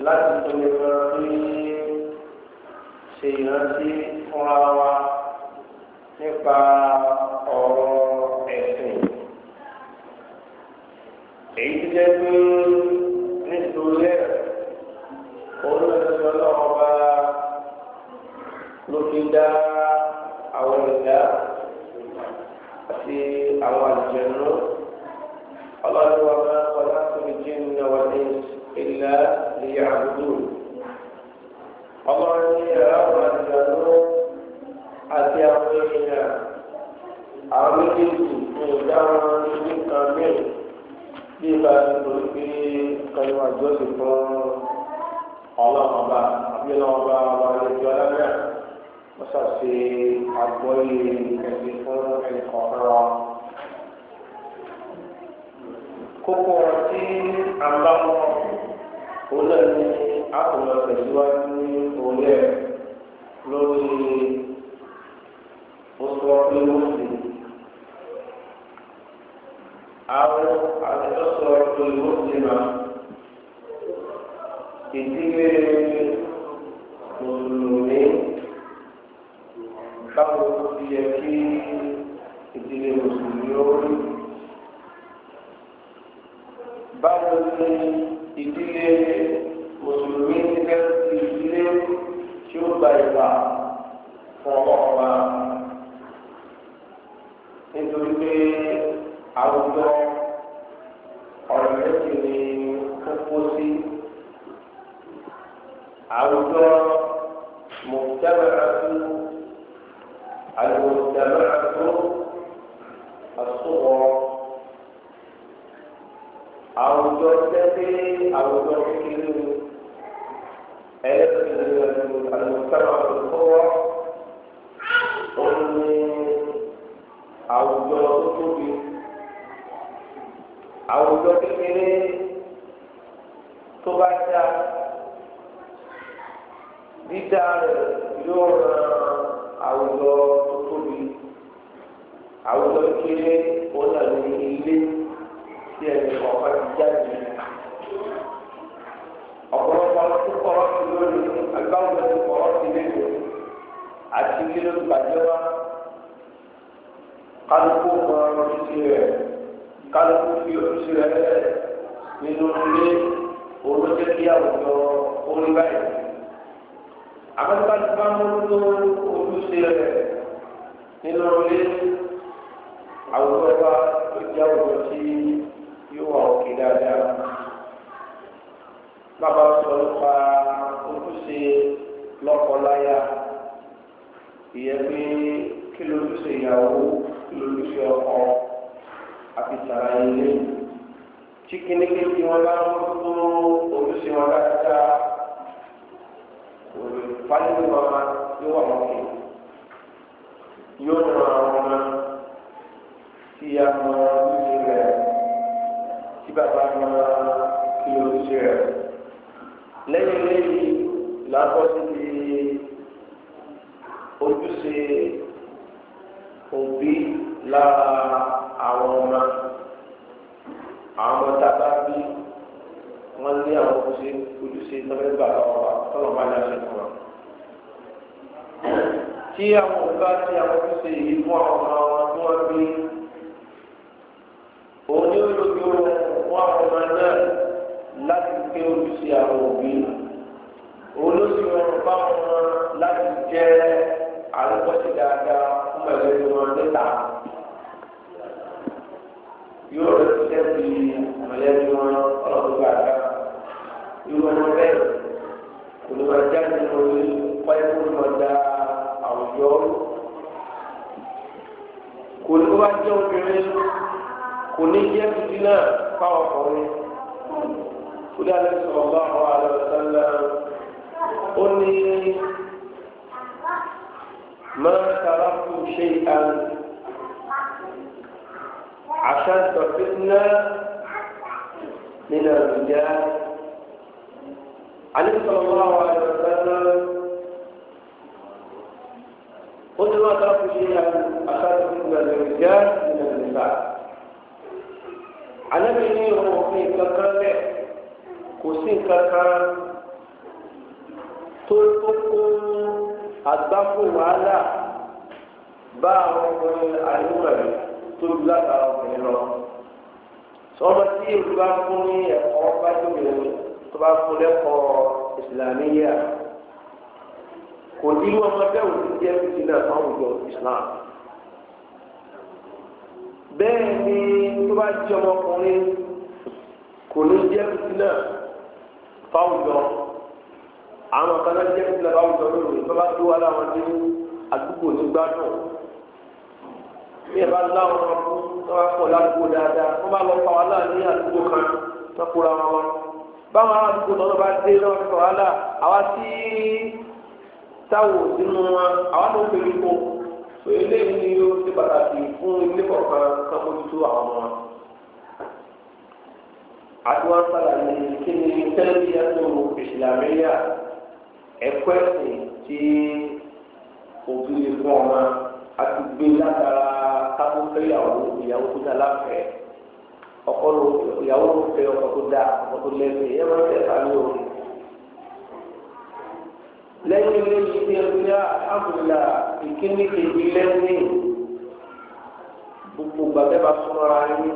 láti tó lè mọ bí ṣe ìrántí fúnra wa nípa ọ̀rọ̀ ẹ̀sìn èyí ti jẹ́ pé nítorí ẹ̀ òun náà ti sọ ọba ló fi dá àwọn ìdá àti àwọn àjẹnú ọlọ́dún wa. ní wàá jọ́sìn fún ọlọ́run ọba àbí ọlọ́run ọba ọba ẹlẹ́jọ́ alágbà wọ́n ṣàṣe àgbọ́yé ẹ̀sìn fún ẹnì kọ̀ọ̀kan wa. kókó ọ̀rọ̀ tí a ń bá wọn òun náà ni a tẹ̀síwájú ní lórí oṣù ọ̀pẹ lóṣù àwọn àtẹ̀tọ́sọ ọ̀pẹ lóṣù náà. 请订阅。الذنوب الصغرى àwùjọ tẹ́tẹ́ àwùjọ kékeré ẹlẹ́sìn àlùkàrà àlùkọ́wọ́ òní àwùjọ tó tóbi àwùjọ kékeré tó bá dá dídá rẹ̀ yóò àwùjọ kéré òun náà ní ilé tí ẹnì kọ̀ọ̀kan ti jáde. ọ̀pọ̀lọpọ̀ tó kọ̀rọ̀ sí lónìí agbáwọ̀n tó kọ̀rọ̀ sí lónìí àti kíló tó bàjẹ́ wá kálukú mọ ojúṣe rẹ̀ kálukú fi ojúṣe rẹ̀ lẹ́lẹ̀ nínú ilé olóṣè kí àwùjọ orí báyìí. àmọ́ tí kálukú bá rẹ̀ nínú ilé àwùjọ wa ó jẹ́ àwùjọ tí yóò wà òkè dáadáa. Bàbá sọ nípa ojúṣe lọ́kọláya ìyẹn pé kí lójúṣe ìyàwó kí lójúṣe ọkọ àti sàrà ilé. Tí kíníkí tí wọ́n bá ń mú ojúṣe wọn dáadáa kò lè fáyé wọn yóò wà òkè yóò ràn án wọn tí a mọ ojúṣe rẹ̀ tí bàbá mọ kí ojúṣe rẹ̀ lẹ́yìn lẹ́yìn làbọ̀ síbi ojúṣe òbí lára àwọn ọmọ àwọn ọmọ tá a bá bí wọn ní àwọn ojúṣe ojúṣe tọ́lẹ́ bàbá wa tọ́lọ́ máa ń yá ṣe fún wa tí àwọn òbí bá ti àwọn ojúṣe yìí fún àwọn ọmọ wọn tí wọ́n bí òní olójú wọn ọmọ náà láti gbé olùsí àwọn òbí olóṣù ọrùn bá wọn láti jẹ àlùkọ́sí dáadáa fún ẹgbẹ́ wọn níta yóò rẹ ti tẹ́sí mọ̀lẹ́bí wọn ọlọ́dún gbàgbá irú ọmọ bẹ́ẹ̀ olùwàjá ni mo rí pẹ́ẹ́lú àwùjọ kò ní wá jẹ́ obìnrin. kò ní jẹ́ gidi náà fáwọn ọkùnrin kúlẹ̀ alẹ́ sọ̀rọ̀ bá àwọn àlọ́ sálẹ̀ ó ní máa tara kù ṣe àná àṣà ìtọ́sí náà nínú àlùjá alẹ́ sọ̀rọ̀ bá àwọn àlọ́ sálẹ̀ ó ní máa tara kù ṣe àná àṣà ìtọ́sí náà nínú àlùjá nínú àlùjá. Ànábì ní òun òfin kankan lẹ̀ kò sí kankan tó tó kó àgbákò wàhálà bá àwọn ọkùnrin àìmọ̀lẹ́ tó ju látara ọkùnrin lọ. Sọ́mọ tí èlú bá fún ní ẹ̀kọ́ bá tóbi tó bá fún lẹ́kọ̀ọ́ ìsìlámíyà kò ní wọn bẹ́ẹ̀ wò jẹ́ fìdí náà fáwọn ìjọ ìsìlámù bẹ́ẹ̀ ni tó bá jẹ́ ọmọkùnrin kò ní jẹ́ fìtínà fáwùjọ àwọn kan náà jẹ́ fìtínà fáwùjọ lónìí tó bá tó wà láwọn dé àdúgbò ní gbádùn bí ẹ bá láwọn ọmọ fún tó bá pọ̀ ládùúgbò dáadáa tó bá lọ pa wà náà ní àdúgbò kan tó kóra wọn wọn báwọn àdúgbò náà bá dé náà fi wàhálà àwa tí táwọn sínú wọn àwa tó pè mí kó. so eléyìí ni ó ti pàtàkì fún ilé kọ̀ọ̀kan kan mójútó àwọn ọmọ wọn. àtiwọn kí ni tẹ́lifíà tó ìsìlámẹ́yà ẹ̀kọ́ ẹ̀sìn tí òbí lè fún ọmọ àti gbé látara káfíńfẹ́yàwó ìyàwó tó dá láfẹ̀ẹ́ ọkọ ló ìyàwó ló fẹ́ ọkọ tó dá ọkọ tó lẹ́sẹ̀ ẹ̀ máa ń lẹ́yìn ilé yìí ní ẹgbẹ́ ìkíní kejì lẹ́yìn gbogbo gbàgbẹ́ bá súnmọ́ra yín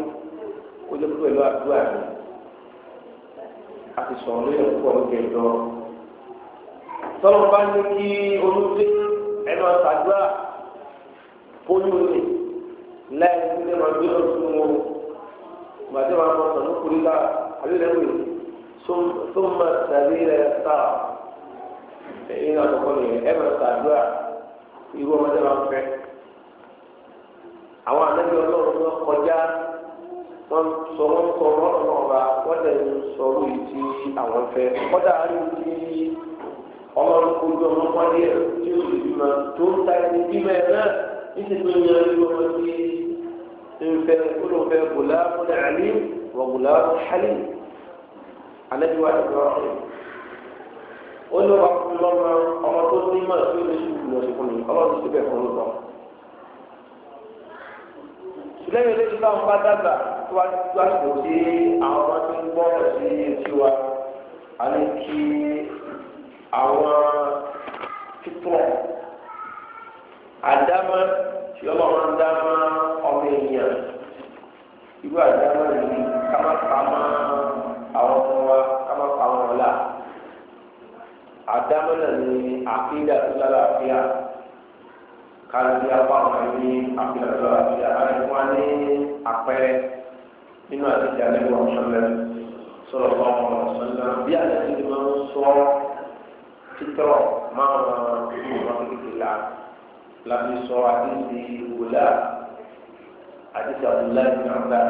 kó jẹ́ pẹ̀lú àdúrà yín àti sọ̀rọ̀ lórí ẹ̀kọ́ ọ̀gẹ̀ lọ. tọ́lọ́ bá ní kí olùdé ẹnu àtàdúrà kóyún ní láì ní ilé máa gbé lọ́sùn wọn gbàdé máa mọ̀ sọ̀rọ̀ kúrú ká àbí lẹ́wìn tó máa tàbí rẹ̀ ẹ̀yìn àkọ́kọ́ nìyẹn ẹ̀ máa irú ọmọdé wa fẹ́ àwọn ànábì Ọlọ́run wọn kọjá wọn sọ wọn sọ wọn lọ ọba wọn lè sọ orí ti àwọn fẹ́ kọjá àárín ti ọmọ ojú ọmọ wọlé tí ó lè bímọ tó ń ta ẹni bímọ ẹ náà níṣẹ́ tó ń yan irú ọmọ tí ń fẹ́ olùfẹ́ gùlá fúnà àlè wọ gùlá wa ti sọ ọ ó ní wàá fún mi lọ́mọ ọmọ tó ní mọ̀ tó lè ṣubú lọ sí fún mi ọlọ́run ti bẹ̀ fún mi lọ. lẹ́yìn eléyìí bá ń bá dàgbà tó wá tó àsìkò tí àwọn ọmọ tó ń gbọ́ sí etí wa a ní kí àwọn títọ̀ àdámọ́ tí ọlọ́run dámọ́ ọmọ èèyàn irú àdámọ́. àdámọ́nà ní àfíìdá tó lára àfíà káàdì apáwọn ní àfíà tó lára àfíà àyẹ̀wò wa ní àpẹẹrẹ nínú àtijọ́ àlẹ́wọ̀ ọ̀ṣọ́lẹ̀ sọ̀rọ̀ fáwọn ọ̀ṣọ́lẹ̀ bí àlejò ti máa ń sọ títọ́ máa ń mú wọn kékeré la láti sọ àdéhùn ìwòlá àdéhùn àdúlá ìgbàgbà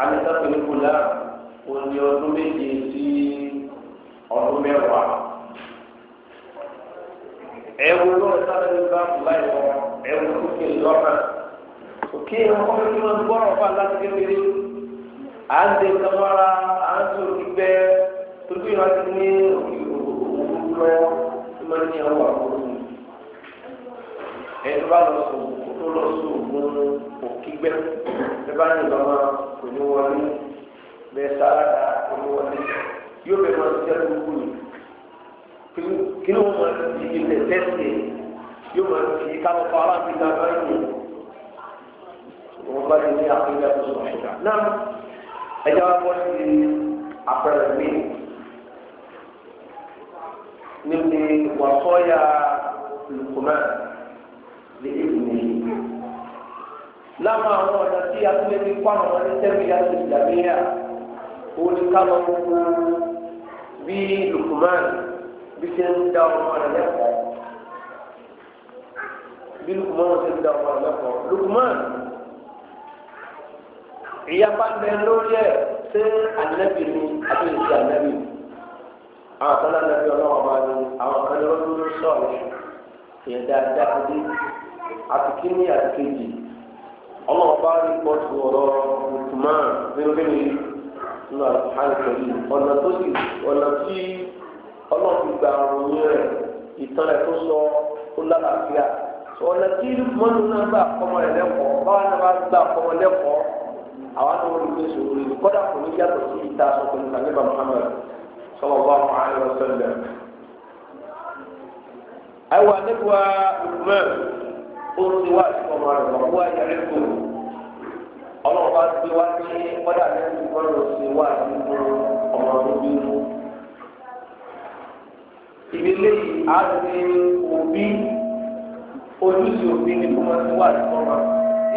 àdéhùn àpèlè wòlá òní ọdún méje sí ọdún mẹ́wàá ẹ̀wù lọ́wọ́ sáré bá bùláì lọ ẹ̀wù kókè lọ́nà òkè ọmọ kí wọ́n gbọ́rọ̀ fún aláṣẹ kékeré à ń de kamara à ń sọ gbígbẹ́ tóbi wọn ti ní òwú lọ tí wọ́n ní àwọn àkókò ẹ̀dọ́ bá lọ sọ tó lọ sọ ògùn òkígbẹ́ ẹ bá ní ìbámu kò ní wọlé bẹ́ẹ̀ sára kò ní wọlé yóò bẹ̀rẹ̀ wọn ti jẹ́ gbogbo yìí kí ló máa ti ilé tẹ́sí yóò máa ti káwọn fara ti ta báyìí wọn bá ti ní àpéjà tó sọ ṣùgbọ́n náà ẹjọ́ wọn ti àpẹẹrẹ mi níbi wàsọ́yà lùkùmẹ́ lè dìbò nìyí láwọn àwọn ọ̀nà tí a tún lè fi kó àwọn ọmọdé tẹ́lẹ̀ yá sí ìdàgbéyà òun ni ká lọ gbogbo bí Lukuman bí ṣe ń da ọmọ rẹ̀ lẹ́kọ̀ọ́ bí lukumanu ṣe ń da ọmọ rẹ̀ lẹ́kọ̀ọ́ lukumanu ìyapa ń bẹ lórí ẹ̀ ṣé anabi ni àbí ìṣe anabi àwọn kan náà nàbí ọlọ́wọ́ bá ní àwọn kan ní wọ́n dúró ìyẹn dáadáa dé àtìkí ní àtìkéjì ọlọ́wọ́ bá rí pọ́tù ọ̀rọ̀ lukumanu nínú kí ni nínú àlùkò àlùkò yìí ọ̀nà tó sì ọ̀nà tí ọlọ́run gba òròyìn rẹ̀ ìtàn rẹ̀ tó sọ ó lálàáfíà ọ̀nà tí mọ́nú náà gbà kọ́mọ rẹ̀ lẹ́kọ̀ọ́ báwa náà bá gbà kọ́mọ lẹ́kọ̀ọ́ àwa náà wọ́n lè sọ orí kọ́dà kò ní yàtọ̀ sí ìta sọ̀kùn nípa nípa Muhammad sallallahu alaihi wasallam. àìwá nípa ìgbìmọ̀ oorun ti wá sí ọmọ rẹ̀ wọ́n wá yẹrẹ kù ọlọ́run bá ti wá sí kọ́dà lẹ́yìn ìdílé àti òbí ojúṣe òbí ni kò máa ti wà sí fọ́ọ̀mà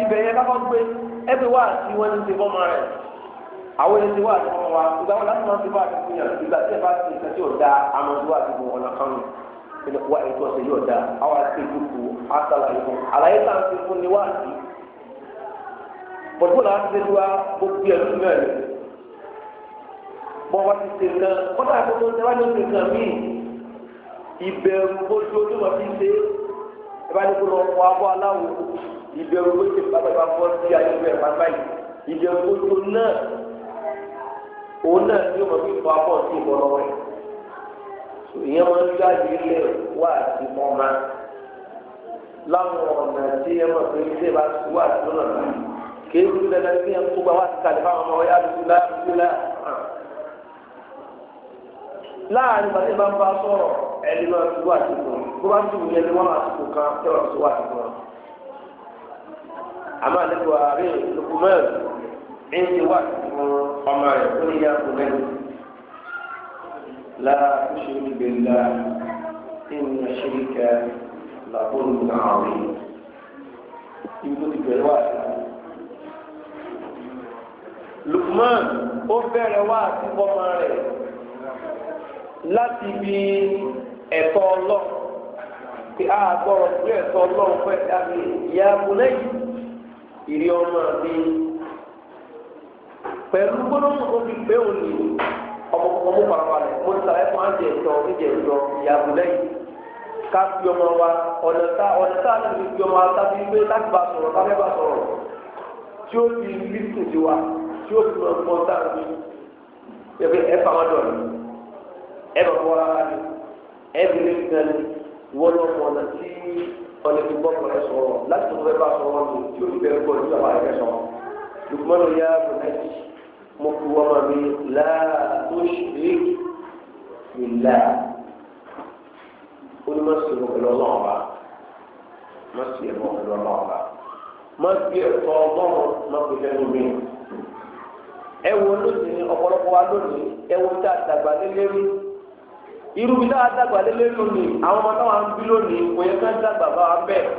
ibẹ̀ yẹn kákọ́ gbé ẹgbẹ́ wà sí wọ́n ti ṣe fọ́ọ̀mà rẹ̀ àwọn ẹni ti wà sí fọ́ọ̀mà wa ìgbà wọn láti máa ti wà sí fún yàrá ìgbà tí ẹ bá ti ìtẹ́jú ọ̀dà àmọ́ ti wà sí fún ọ̀nà kan wa ètò ọ̀sẹ̀ yóò dáa àwọn àti ìdúkù àtàlàyé fún àlàyé tá à ń fi fún ni wá sí pọ̀jùpọ̀ láti ṣe wá gbogbo ẹ̀ lórí ẹ̀ bọ́ wá ti ṣe nǹkan kọ́tà àkókò ṣe wá ní oṣù kan míì ìbẹ̀rù gbójú olúwa ti ṣe é ìbá ní kó lọ fọ abọ́ aláwo ìbẹ̀rù gbójú bàbá bá fọ́ sí ayélujára ẹ̀ máa báyìí ìbẹ̀rù gbójú náà òun náà ní ọmọ fífọ abọ́ sí ìbọn lọ́wọ́ ẹ̀ ìyẹn wọn ń jáde ilé wá àti mọ́má láwọn ọ̀nà tí ẹ mọ̀ pé ṣé bá ti wá àti lọ́nà náà kéé wúlò dandan sí ẹ̀ ń kó gba wá àti kàlẹ́ fáwọn ọmọ ọ̀yá àdúgbò láàrin bàtẹ́ bá ń bá sọ̀rọ̀ ẹni máa ti wá àtìkù tó bá ti wùyẹ ni wọn máa àtìkù kan tẹ wọn ti wá àtìkù wọn. àmọ́ àlejò ààrẹ lukumẹ́ẹ̀ ń ti wá àtìkù ọmọ rẹ̀ tó ní yàgò lẹ́nu. la tushrik billah inna shirka làbọ̀lù náà rí ibi tó ti bẹ̀rẹ̀ wá àtìkù. Lukman ó ẹ̀tọ́ ọlọ́run a gbọ́rọ̀ sí ẹ̀tọ́ ọlọ́run fẹ́ dábì ìyá amúlẹ́yìn ọmọ mi pẹ̀lú gbólóhùn tó fi pé òní farabalẹ̀ mo sàlẹ̀ fún àjẹ ẹ̀tọ́ ìjẹ ẹ̀tọ́ ìyá ká fi ọmọ wa ọ̀nà tá ọ̀nà tá àti fi fi ọmọ láti bá sọ̀rọ̀ láti bá a dọ̀ bọ̀ ẹbìrì fún wọn lọ mọ ọ̀nà tí ọlẹ́bí gbọ́kọ̀ rẹ sọ̀rọ̀ láti tó fẹ́ bá sọ̀rọ̀ lò tí o ti bẹ̀rẹ̀ bọ̀ nígbà máa rẹ sọ̀rọ̀ lukumanu ya bùnẹ́tì mo kú ọmọ mi láà tó ṣe é ìlà onímọ̀síwọ̀n pẹ̀lú ọlọ́ọ̀ba mọ̀síwọ̀n pẹ̀lú ọlọ́ọ̀ba mọ̀síwọ̀n ọgbọ́n mọ̀kùnjẹ́ lómi ẹ̀wọ̀n lónìí ọ̀pọ̀lọpọ̀ wa lónìí ẹ̀wọ̀n tá a dàgbà nílé rí irú bí táwa dàgbà lélẹ́ lónìí àwọn ọmọ táwa ń bí lónìí kò yẹ ká dàgbà bá wa bẹ́ẹ̀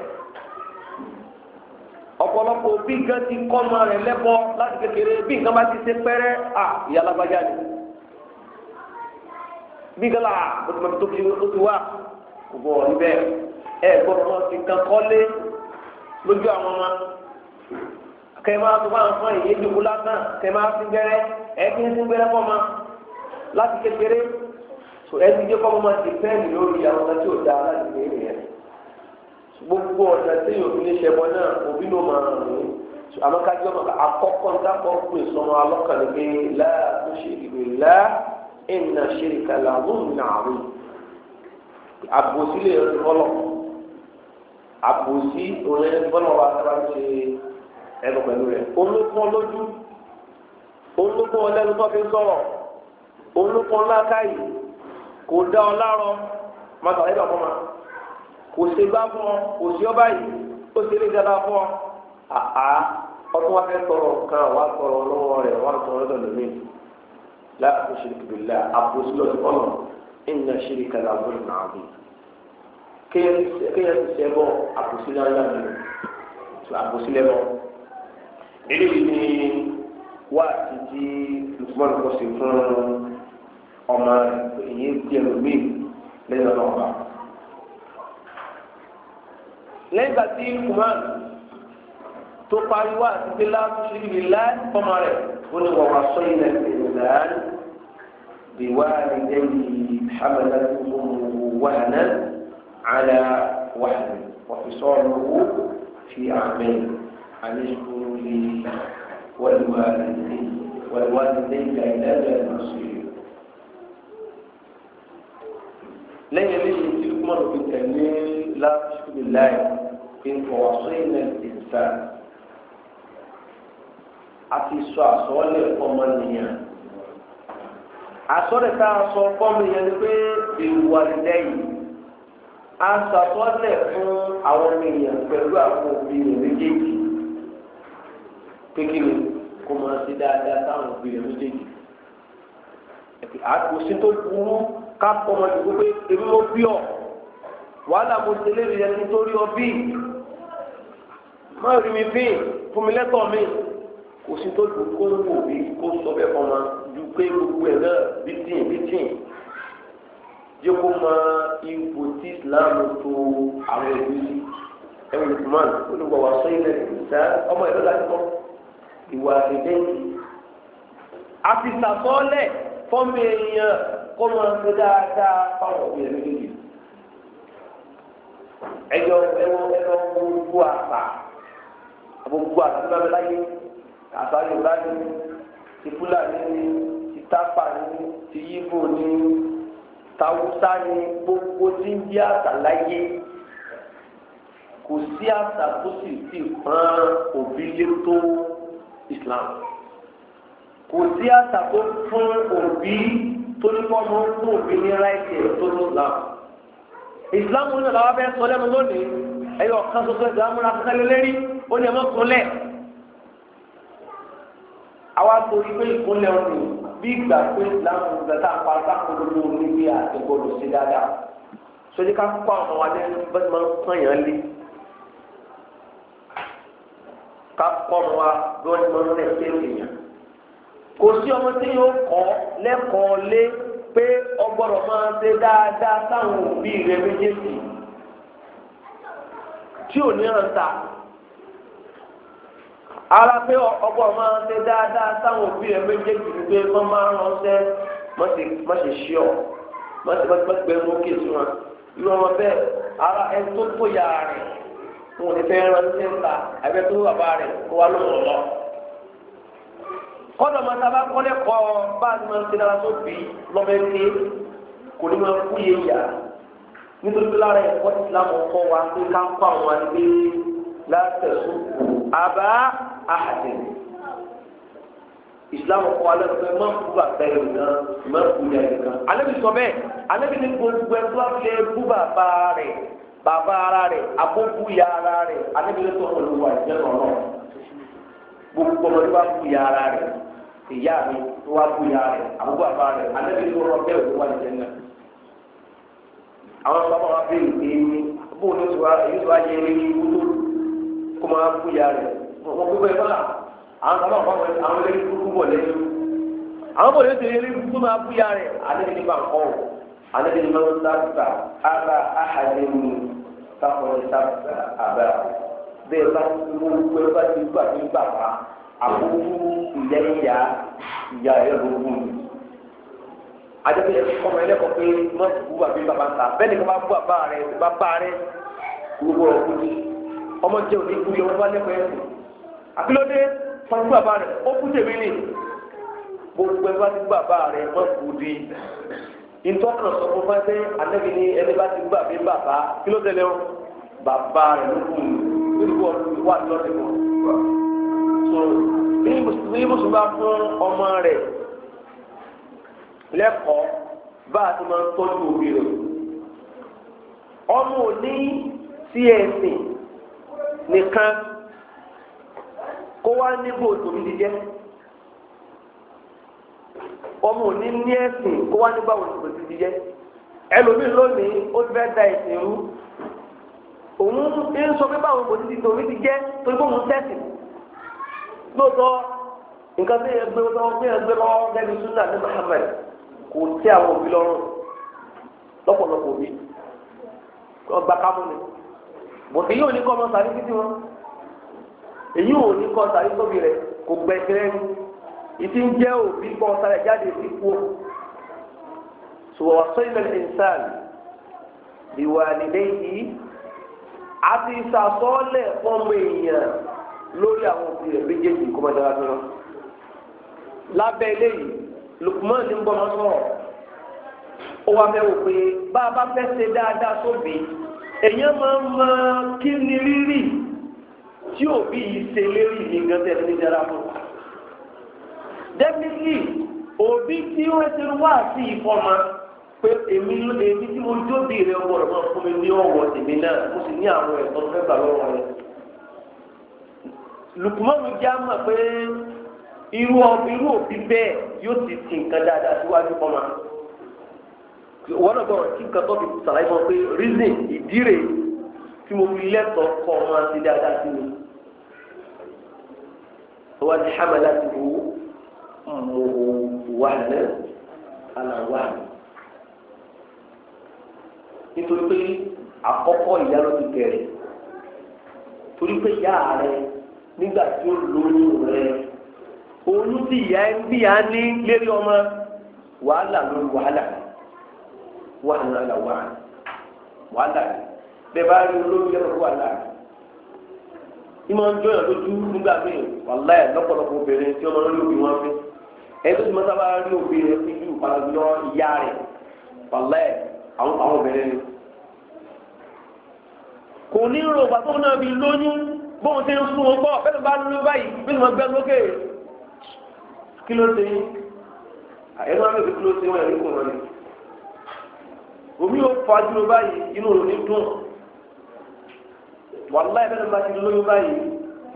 ọ̀pọ̀lọpọ̀ bí nǹkan ti kọ́ ọmọ rẹ̀ lẹ́kọ́ láti kékeré bí nǹkan bá ti ṣe pẹ́rẹ́ à ìyá alágbájá ni bí nǹkan là ó ti mọ̀ tó ti wá kò bọ̀ níbẹ̀ ẹ gbọ́dọ̀ wọn ti kan kọ́lé lójú àwọn ọmọ kẹ máa tó máa fún ìyẹn dùkú lásán kẹ máa fi gbẹrẹ ẹ fi ń fún gbẹrẹ fọ́ ma láti kékeré so ẹni jẹ́ kọ́ máa ti pẹ́ẹ́nì lórí àwọn ọ̀nà tí ò dáa láti lè rìn ẹ̀ gbogbo ọ̀nà tí yóò fi ní ṣẹbọ náà òbí ló máa rìn ní àmọ́ kájọ́ máa àkọ́kọ́ dákọ̀ pé sọmọ alọ́kàlẹ̀ pé láàbù ṣèlú lá ìnà ṣèlúkà làwọn nàárọ̀ àbòsí lè rìn bọ́lọ̀ àbòsí òun bọ́lọ̀ wa sábà ṣe ẹnu pẹ̀lú rẹ̀ olókùn lójú olókùn ọlẹ́nu tó fi sọ̀rọ̀ olókùn lákàyè kò dá ọ lárọ màtà ẹgbà fún ma kò ṣe bá fún ọ kò ṣe ọ báyìí ó ṣe lè dábàá fún ọ àhá ọtún wa fẹ́ tọrọ kan wa tọrọ lọ́wọ́ rẹ̀ wa tọrọ lọ́dọ̀ lómi láàbò ṣèkìbìlà àbòsí lọ́dún ọ̀nà ìnà ṣèkìlà àbòsí náà kéèyàn ti sẹ́bọ̀ àbòsí lọ́dọ̀ lómi àbòsí lẹ́bọ̀ eléyìí ni wá àti tí lùtùmọ́nù kọ́ sí fún un. ọmọ ìyẹn ti ẹlòmíì lẹ́yìn ọ̀nà ọ̀gá. lẹ́yìn ìgbà tí Kuman tó parí wá àtúntí láti ṣe láti fọmọ rẹ̀ ó ní wọ́n wá sọ ilẹ̀ tó ń lẹ́yìn wá wàhánà àlà wà wàhánà wàfisọ́ọ̀lù fi àmì àmì ní àlejò lè wàlúwàlú ẹ̀yìn wàlúwàlú lè gbà ìlànà ìmọ̀sílẹ̀. lẹ́yìn eléyìí tí lukman fi tẹ̀lé láṣubú láì fi ọ̀wá sóyìn ìta àti sọ àsọ́ọ́lẹ̀ ọmọnìyàn àsọ́ọ́lẹ̀ tá a sọ ọmọnìyàn ni pé ìwà lẹ́yìn a sàtọ́lẹ̀ fún àwọn ènìyàn pẹ̀lú àwọn òbí rẹ̀ méjèèjì kékeré kó máa ṣe dáadáa sáwọn òbí rẹ̀ méjèèjì àti àkóso tó burú ká pọ̀ mọ́ dùkú pé èmi mo bí ọ wàhálà mo ṣe lérí ẹni nítorí ọ bí má rí mi bí fún mi lẹ́tọ̀ọ́ mi kò sí tó dùn kó wò bí kó sọ bẹ́ẹ̀ fọ́ ma ju pé gbogbo ẹ̀ náà bí tìǹ bí tìǹ yóò kó ma ipò tí Islam tó àwọn ẹbí ẹ̀wọ̀n lukman olùkọ́ wa sọ ilẹ̀ ìsá ọmọ ìlú láti kọ́ ìwà àgbẹ̀dẹ́yìn àti sàkọ́ọ́lẹ̀ fọ́mù èèyàn kó máa ṣe dáadáa fáwọn òbí rẹ̀ lójijì. ẹyọ ẹwọ ẹwọ gbogbo àpà gbogbo àtúntàbí láyé àtà yorùbá ni ti fúlàní ni ti tápà ni ti yíbò ni tàwùsá ni gbogbo tí ń jẹ́ àtà láyé kò sí àṣà tó sì ti hàn òbí lé tó Islam kò sí àṣà tó fún òbí torí kọ́ ọmọ kú mi ní ráìtì tó ló là. ìsìlámù ní ọ̀làwà bẹ́ẹ̀ sọ lẹ́nu lónìí ẹ̀yọ kan ṣoṣo ìsìlámù náà fún sẹ́lẹ̀ lérí ó ní ẹ̀mọ́ kúnlẹ̀. àwa torí pé ìkúnlẹ̀ ọ̀nì bí ìgbà pé ìsìlámù gbàtà pàápàá kó ló lóun níbi àtẹ̀gbọ́dọ̀ sí dáadáa. sọ́jí ká kó àwọn wa lẹ́nu bẹ́ẹ̀ máa ń pọ́n yàn lé. ká kọ́ ọmọ wa bí kò sí ọmọ tí yóò kọ́ lẹ́kọ̀ọ́ lé pé ọgbọ́dọ̀ máa ṣe dáadáa sáwọn òbí rẹ méjèèjì tí ò ní hàn ta ara pé ọgbọ́dọ̀ máa ṣe dáadáa sáwọn òbí rẹ méjèèjì ni pé wọ́n máa ń ránṣẹ́ má ṣí ọ má ṣe má gbẹ mú kí wọn irú ọmọ bẹ́ẹ̀ ara ẹni tó yàrá rẹ̀ wọn ò ní fẹ́ ránṣẹ́ ta àbẹ́tó bàbá rẹ̀ kó kọ́dọ̀ máa ta bá kọ́lẹ̀ kọ́ bá a máa ń ṣe dára tó bí lọ́mẹ́tẹ́ kò ní máa kú yé yà nítorí pé lára ẹ̀kọ́ ìsìlámù kọ́ wa pé ká ń kọ́ àwọn àdìgbé látẹ̀sùn àbá àhàdì ìsìlámù kọ́ alẹ́ pé má kú bàbá ẹ̀ nìkan má kú yà nìkan alẹ́ bí sọ bẹ́ẹ̀ alẹ́ bí ní gbogbo ẹ̀ tó bá fi kú bàbá rẹ̀ bàbá ara rẹ̀ àbókù yà ara rẹ̀ alẹ́ bí ní sọ ìyá mi tó wá kú ya rẹ̀ àbúkọ àbá rẹ̀ anábì tó rọ bẹ́ẹ̀ tó wà ní jẹ́nà. àwọn sọ́mọ́ wa bẹ́ẹ̀ ní ní bó ní tó wá èyí tó wá yẹ ní ikú tó kó máa kú wọ́n bẹ́ẹ̀ àwọn àwọn kú bọ̀ lẹ́yìn. àwọn tó máa kú àbúrú ìyẹ́yà ìyá ẹ̀rọ ogun ni. Adébíyẹ ọmọ ẹlẹ́kọ̀ọ́ pé má bu àbí bàbá ta bẹ́ẹ̀ ni kò bá bu bàbá rẹ̀ bàbá rẹ̀ gbogbo ọ̀gbìn ni ọmọ jẹ́ òní kú yẹ wọ́n bá lẹ́kọ̀ọ́ ẹ̀sìn. Àbílódé fún ikú bàbá rẹ̀ ó kú tèmi nì. Gbogbo ẹ̀ bá ti bàbá rẹ̀ má bu di. Ìtọ́kàn sọ fún Fáṣẹ́ Adébí ni ẹni bá ti gbà bí bàbá kí ló tẹ̀lé o? Bàbá rẹ̀ ló kù ní. Ó ti wọ́n wà sọ̀rọ̀ bí ibùsùn bá fún ọmọ rẹ̀ lẹ́kọ̀ọ́ bá a ti máa ń tọ́jú òbí rẹ̀ ọmọ òní sí ẹ̀sìn nìkan kó wá níbo tòbí ti jẹ́ ọmọ òní ní ẹ̀sìn kó wá nígbà wò tòbí ti jẹ́ ẹlòmíì lónìí ó fẹ́ da ẹ̀sìn rú òun ń sọ pé báwo kò ti di tòbí ti jẹ́ torí pé òun tẹ̀sìn. lóòótọ́ nǹkan tí yẹn gbé lọ́wọ́ tí lọ́wọ́ lẹ́nu súnà ní Muhammad kò tí àwọn òbí lọ́rùn lọ́pọ̀lọpọ̀ òbí kámú ni ní kọ́ ọmọ sàrí títí wọn èyí ò ní kọ́ sàrí tóbi kò gbẹ̀sẹ̀ ẹnu ń jẹ́ òbí kọ́ jáde sí o sùwọ́n wà sọ́yìn lẹ́nu ìsàn ìwà nílé yìí àti fọ́ọ̀mù lórí àwọn òbí rẹ̀ méjèèjì kó máa dára dúró lábẹ́ eléyìí Lukman ní gbọ́mọ sọ̀rọ̀ ó wá fẹ́ wò pé bá a bá fẹ́ ṣe dáadáa sóbì èèyàn máa ń mọ kí ni rírì tí òbí yìí ṣe lérí ìgbìngàn tẹ̀ ní dára fún definitely òbí tí ó ṣe wá sí ìfọ̀mọ́ pé èmi èmi tí mo jóbi rẹ̀ ọgbọ̀n fún mi ní ọ̀wọ́ tèmi náà mo sì ní àwọn ẹ̀tọ́ fẹ́ gbà lọ́wọ́ rẹ̀ lukumanu jẹ́ àmà pé irú irú òbí bẹ́ẹ̀ yóò ti ti nǹkan dáadáa síwájú kọ́mà wọ́n náà gbọ́dọ̀ kí nǹkan tó fi sàlàyé fún ọ pé reason ìdí rẹ̀ tí mo fi lẹ́tọ̀ọ́ kọ́ ọmọ àti dáadáa sí mi wọ́n ti hàmàlà ti wò ó mo wà lẹ́ àlàwà nítorí pé àkọ́kọ́ ìyá ló ti bẹ̀rẹ̀ torí pé ìyá rẹ̀. nígbà tí ó lóyún rẹ oyún tí ìyá ẹ ń bí ya ní lérí ọmọ wàhálà lórí wàhálà wàhálà là wà wàhálà bẹ́ẹ̀ bá rí yẹn wàhálà ń lójú nígbà míì wàhálà obìnrin tí ọmọ lórí òbí wọn fi ẹni tó ti máa sábà rí obìnrin fi ju ìpàdánù ìyá wàhálà ni kò ní bóun ti ń fún un pọ̀ bẹ́ẹ̀ ló bá lulú báyìí bí mo gbẹ́ lókè kí ló ṣe yín ẹnu àmì òbí kí ló ṣe wọn ẹ̀rí kùn wọn ni omi ò fa dúró báyìí inú rò ní dùn wàláì bẹ́ẹ̀ ló bá ti lóyún báyìí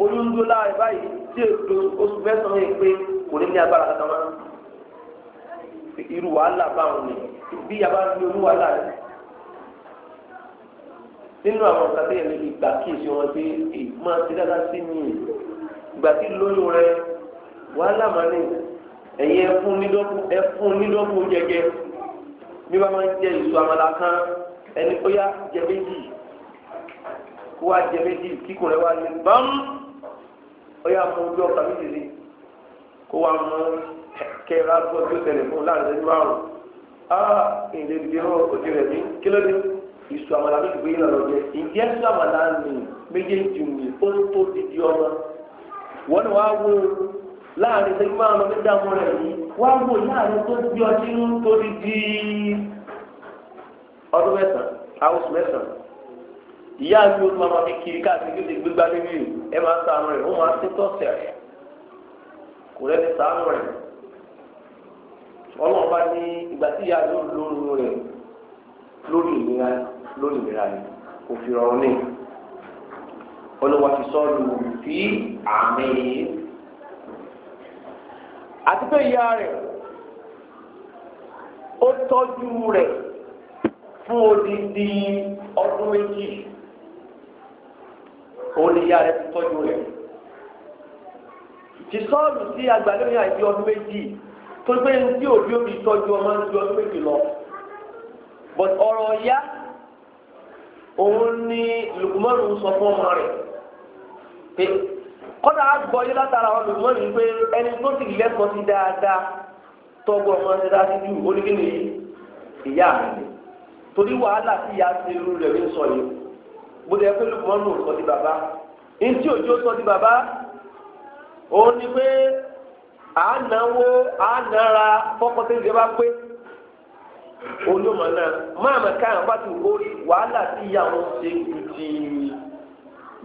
oyún ń dúró láàrin báyìí tí èso oṣù mẹ́sàn-án yìí pé kò ní ní agbára kankan mọ́ irú wàhálà báwọn ni bí yàrá ní olú wàhálà rẹ̀ nínú àwọn nǹkan tó yẹ ní ìgbà kíyèsí wọn pé ìmọ̀ ti dára sí mi ìgbà tí lóyún rẹ wàhálà máa ní ẹ̀yin ẹ̀fún nídọ́kùn jẹjẹ bí wọ́n máa ń jẹ ìṣù àmàlà kan ẹni ó yá jẹ méjì kó wá jẹ méjì kíkùn rẹ wá ní bám ó yá mú ojú ọkà méjìlí kó wá mú kẹrẹ agbọ́n tó tẹ̀lé fún láàrin ẹni wàrùn á ìdèdè rọ òdì rẹ̀ ní kílódé iṣu àmàlà tó ti gbé yìnyín lọ jẹ ǹjẹ́ iṣu àmàlà ni méjèèjì ni ó ń tó didi ọmọ wọn ni wàá wo láàrin sẹ́yìn máa lọ sí dààmú rẹ̀ yìí wàá wo láàrin tó di ọtí ń tó didi ọdún mẹ́sàn-án house mẹ́sàn-án ìyá mi ó máa ma fi kiri káàkiri kí o ti gbégbá níbí ẹ máa sàánú rẹ̀ ó máa ti tọ́sẹ̀ rẹ̀ kò lẹ́ni sàánú rẹ̀ ọlọ́ọ̀bá ní ìgbà tí ìyá mi ó lóorun rẹ̀ lónìíra rẹ̀ kò fi rọrùn ní. olùwà ti sọ lù fi àmì yìí. àti pé ìyá rẹ̀ ó tọ́jú rẹ̀ fún odidi ọdún méjì òun ni ìyá rẹ̀ ti tọ́jú rẹ̀ ti sọ́ọ̀lù sí agbàlóyìn àti ọdún méjì tó gbé ní tí òbí òbí tọ́jú ọmọ ní ọdún méjì lọ but ọ̀rọ̀ ya òun ni lukumanu sọ fún ọmọ rẹ̀ pé kọ́dà àgbọ̀ yìí látara àwọn lukumanu pé ẹni tó ti lẹ́kọ̀ọ́ sí dáadáa tọ́gbọ̀ ọmọ ṣe dá sí ju oníkíni ìyá mi torí wàhálà tí ìyá ti rú rẹ̀ ń sọ yìí bóde ẹ pé lukumanu sọ di bàbá ntí òjò sọ di bàbá òun ni pé àánáwó àánara fọkọtẹ́ ìjọba pé. olómọ náà máàmù káyọ̀ pàtó orí wàhálà tí ya ṣe ju ti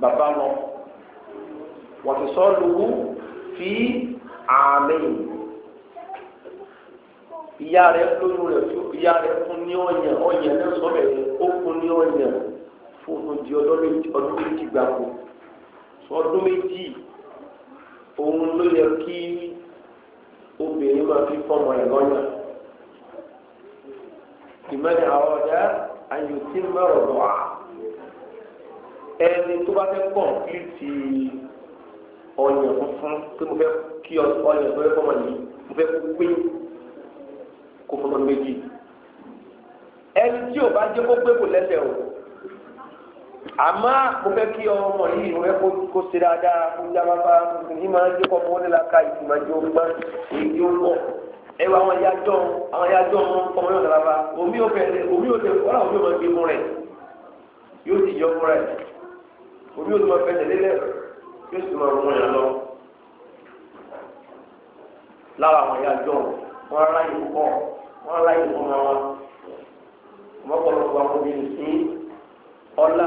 bàbá lọ wọ́n ti sọ lùwú fi àmì ìyá rẹ̀ lóyún rẹ̀ ìyá rẹ̀ fún ní ọ̀yàn ọ̀yàn náà sọ bẹ́ẹ̀ ó fún ní ọ̀yàn fún di ọdún méjì gbàgbọ́ ọdún méjì òun ló yẹ kí obìnrin máa fi fọmọ ìmọ̀lẹ̀ àwọn ọ̀dà àyùtí mẹ́rọ̀dọ̀ à ẹni tó bá fẹ́ kọ̀ǹpìlìtì ọyàn funfun pé mo fẹ́ kí ọyàn tó fẹ́ fọmọ yìí mo fẹ́ kó pé kó fọmọ méjì ẹni tí ò bá jẹ́ kó gbé kò lẹ́sẹ̀ o àmọ́ mo fẹ́ kí ọmọ yìí mo fẹ́ kó ṣe dáadáa kó jábábá ní máa ń jẹ́ kó ọmọ onílàkà ìgbìmọ̀ jẹ́ ó gbọ́n èyí ó lọ́ọ̀ ẹ wọ àwọn yájọ àwọn yájọ ọmọ yóò dára bá omi ò fẹ́ omi ò tẹ ọlá omi ò máa gbé fún rẹ yóò sì yọ fún rẹ omi ò tún máa fẹsẹ̀ lélẹ̀ yóò sì máa rún yàn lọ lára àwọn yájọ wọn ará yìí kọ wọn ará yìí kọ máa wọn ọmọkùnrin wa kò bí sí ọlá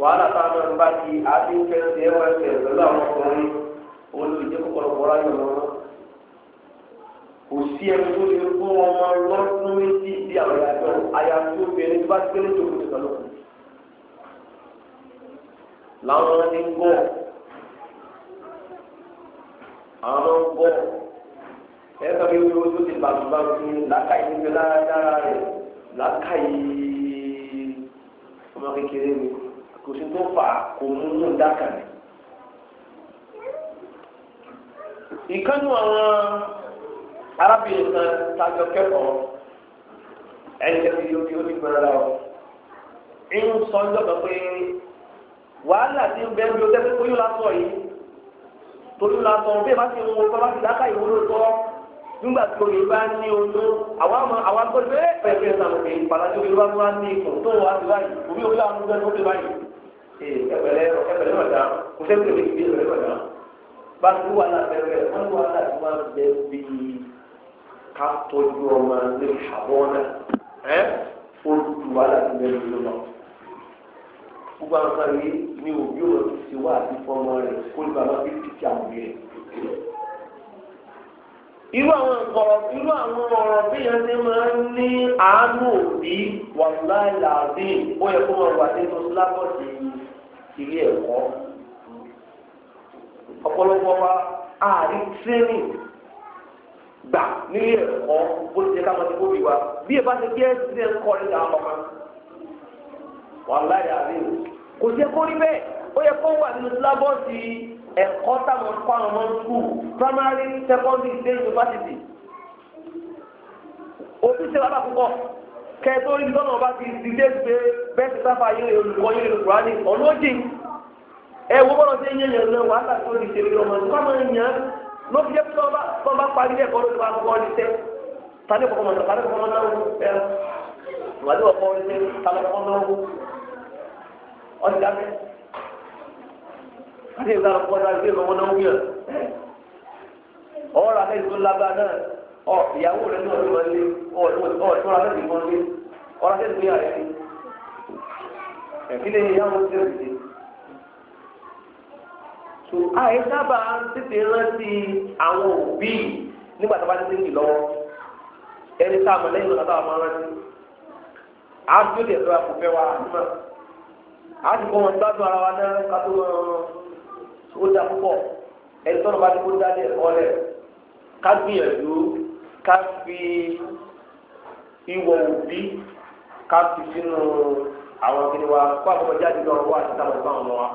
wàhálà táwọn bá ti àti fẹsẹ̀ ẹwà ẹsẹ̀ pẹ̀lú àwọn ọkùnrin olùdíje kọkọrọ kọrọ ayọ̀ lọ́wọ́ kò sí ẹni tó lè fún ọmọ lọ́dún méjì sí àwọn ìyàtọ̀ àyàfi obìnrin tó bá ti gbélé tòkó nìkan lọ. làwọn ní ń gbọ́ àwọn ń gbọ́ ẹ kàn bí wọ́n tó ti bàtúbàtú làákàyè níbi lára rẹ̀ làákàyè ọmọ kékeré ni kò sí tó fà kò mú mú dákàlẹ̀. ìkànnì àwọn arábìnrin kan tájọ kẹ́kọ̀ọ́ ẹni tẹ́lẹ̀ yóò fi ó ní gbọ́dọ̀ lọ. ń sọ ń dọ̀dọ̀ pé wàhálà ti ń bẹ́ẹ̀ bí o tẹ́lẹ̀ oyún lásán yìí torí lásán bẹ́ẹ̀ bá ti ń wo tọ́ bá ti dáká ìwúlò tọ́ nígbà tí omi bá ní oyún àwọn àmọ́ àwọn agbọ́dọ̀ bẹ́ẹ̀ bẹ́ẹ̀ bẹ́ẹ̀ sàmù pé ìpàdájọ́ omi bá tún wá ní ipò tó wà sí báyìí omi omi làwọn ọmọdé tó ti báyìí ẹgbẹ̀rẹ̀ ẹgbẹ̀rẹ̀ náà dá kò sẹ́kù ká tọ́jú ọmọ ní ìṣàbọ̀ náà ẹ́ olùdùwà láti mẹ́rin ló lọ. gbogbo àwọn kan yìí ni òbí ò ti ṣe wá àti fọmọ rẹ̀ kó lè bàbá fi ti ti àwọn yẹn. irú àwọn ọ̀rọ̀ irú àwọn ọ̀rọ̀ bí yẹn ti máa ń ní àánú òbí wàhálà làbí ó yẹ kó máa wà nínú lábọ̀dì ilé ẹ̀kọ́. ọ̀pọ̀lọpọ̀ wa àárín tírénì. gbà nílé ẹ̀kọ́ bó ti ká wọn ti kó bí wa bí ẹ bá ti kí ẹ ẹ̀kọ́ ní ìdáhùn ọmọ wọn láyé àlè kò jẹ́ kó rí bẹ́ẹ̀ ó yẹ kó wà nínú ẹ̀kọ́ táwọn kọ́ àwọn ọmọ skul primary secondary state university ojúṣe kẹ́ẹ̀tọ́ ti sáfà yìí olùkọ́ yìí bọ́lá ló fi jẹ́ pé tọ́ba tọ́ba parí ẹ̀ kọ́ ló ti wá kọ́ ọ́ ní sẹ́ tani kọ́kọ́ mọ̀tò tani kọ́kọ́ mọ̀tò ẹ̀ wàdí ọkọ̀ ní sẹ́ tani kọ́kọ́ mọ̀tò ọ̀dì dábẹ́ tani ìgbà kọ́kọ́ náà ìgbé lọ́wọ́ náà wúyà ọ̀rọ̀ alẹ́ ìlú lábá náà ọ̀ ìyàwó rẹ̀ ní ọdún wọlé ọ̀ ìtura alẹ́ ìlú wọlé ọ̀rọ̀ alẹ́ ìlú yà rẹ̀ kí ni ìyàwó ti rẹ̀ so àyè sábà tètè rántí àwọn òbí nígbà tó bá tètè yìí lọ́wọ́ ẹni tá a mọ̀ lẹ́yìn lọ́dọ̀ àwọn rántí àti wa àdúmọ̀ àti kọ́ wọn gbádùn ara wa náà kátó ó dà púpọ̀ ẹni tọ́nà bá ti dá ní ẹ̀kọ́ rẹ̀ ká gbìyànjú ká fi ìwọ̀ òbí wa kó àkọ́kọ́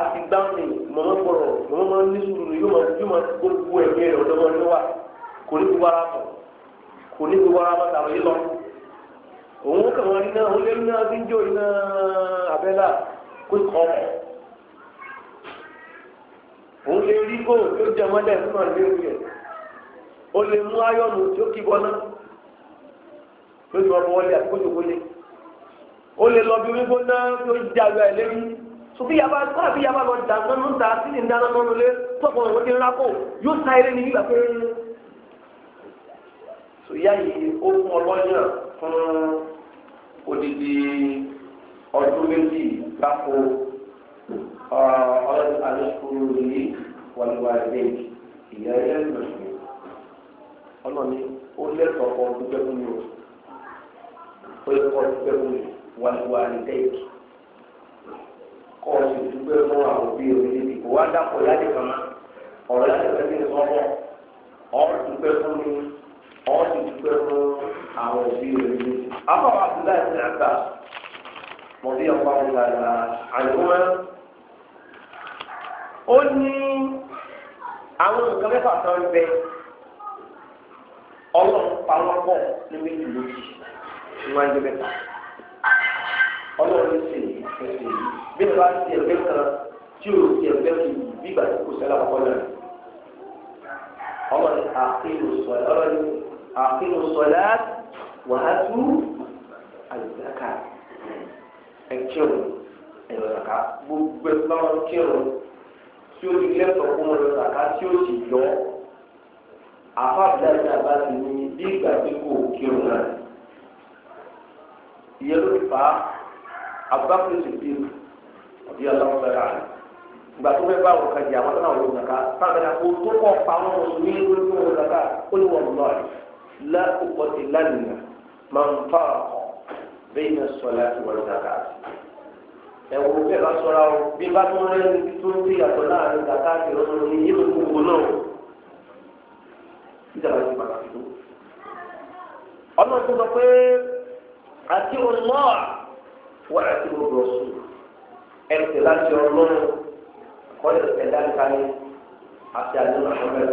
àti gbáǹdì mọ̀mọ́ fọ̀rọ̀ mọ̀mọ́ máa ń ní sùúrù yóò máa yóò máa gbogbo ẹ̀mí rẹ̀ ọ̀dọ́mọ ní wa kò ní gbogbo ara mọ̀ kò ní gbogbo ara mọ̀ tàbí lọ. òun kàn wọ́n rí náà ó lé náà bí ń jó iná abẹ́là kó kọ́ ọ̀rẹ́. òun lè rí góòlù tó jẹ mọ́lẹ̀ fún àlẹ́ rẹ̀ ó lè mú ayọ́nù tó kí bọ́ná lójú ọmọ wọlé àti kójú wọlé ó lè lọ bí wíwọ́n sùfìyàbá kọ́nà fìyàbá lọ dáná ló ń ta sílẹ̀ ń dáná lọ́nu lé tọ́pọ̀ òun ti ńlá kó yóò sa eré ní ìgbà pé sòyá yìí ó fún ọlọ́yà fún odidi ọdún méjì gbáko ọlọ́dún alẹ́kùnrin yìí wàlúwà ẹ̀dẹ́ ìyá ẹ̀yẹ́ lọ́sùn ọlọ́ni ó lẹ́tọ̀ọ́ ọdún pẹ́kú ni ó ó lẹ́tọ̀ọ́ ọdún pẹ́kú ni wàlúwà ẹ̀dẹ́ ìkì kọ́ ọ sì dúpẹ́ fún àwọn òbí òbí ìdìbò wá dàpọ̀ láti kàn má ọ̀rọ̀ láti fẹ́ kí n sọ fún ọ dúpẹ́ fún mi ọ sì dúpẹ́ fún àwọn òbí òbí. afọ abdullahi bin abba mọ̀bí ọ̀pá ọ̀gá ìlà àyùmọ́ ó ní àwọn nǹkan mẹ́fà kan bẹ ọlọ́run pa wọ́n pọ̀ ní méjì lójì ní wọ́n á ń gbé mẹ́ta ọlọ́run ṣe é ṣe é bẹ́ẹ̀ bá ti ẹ̀fẹ́ kan tí o ti ẹ̀fẹ́ kì í bíbà tí kò sẹ́lá ọkọ náà ọlọ́ni àkínú sọ̀lá ọlọ́ni àkínú sọ̀lá wàhátú àlùdáká ẹ̀kírun ẹ̀lọ́dàká gbogbo ẹ̀ bá wọn kírun tí o ti lẹ́tọ̀ọ́ fún wọn lọ́dàká tí o sì yọ àfáàbíyá ní abáti ní bí ìgbà tí kò kírun náà ìyẹn ló fi fà á abúlé tó ti bí i. ọ̀bí ọlọ́run bẹ̀rẹ̀ a ìgbà tó fẹ́ bá àwọn kan ẹsẹ̀ láti ọlọ́run kọ́lé ẹ̀dá nìkanì àti àdúrà ọ̀rẹ́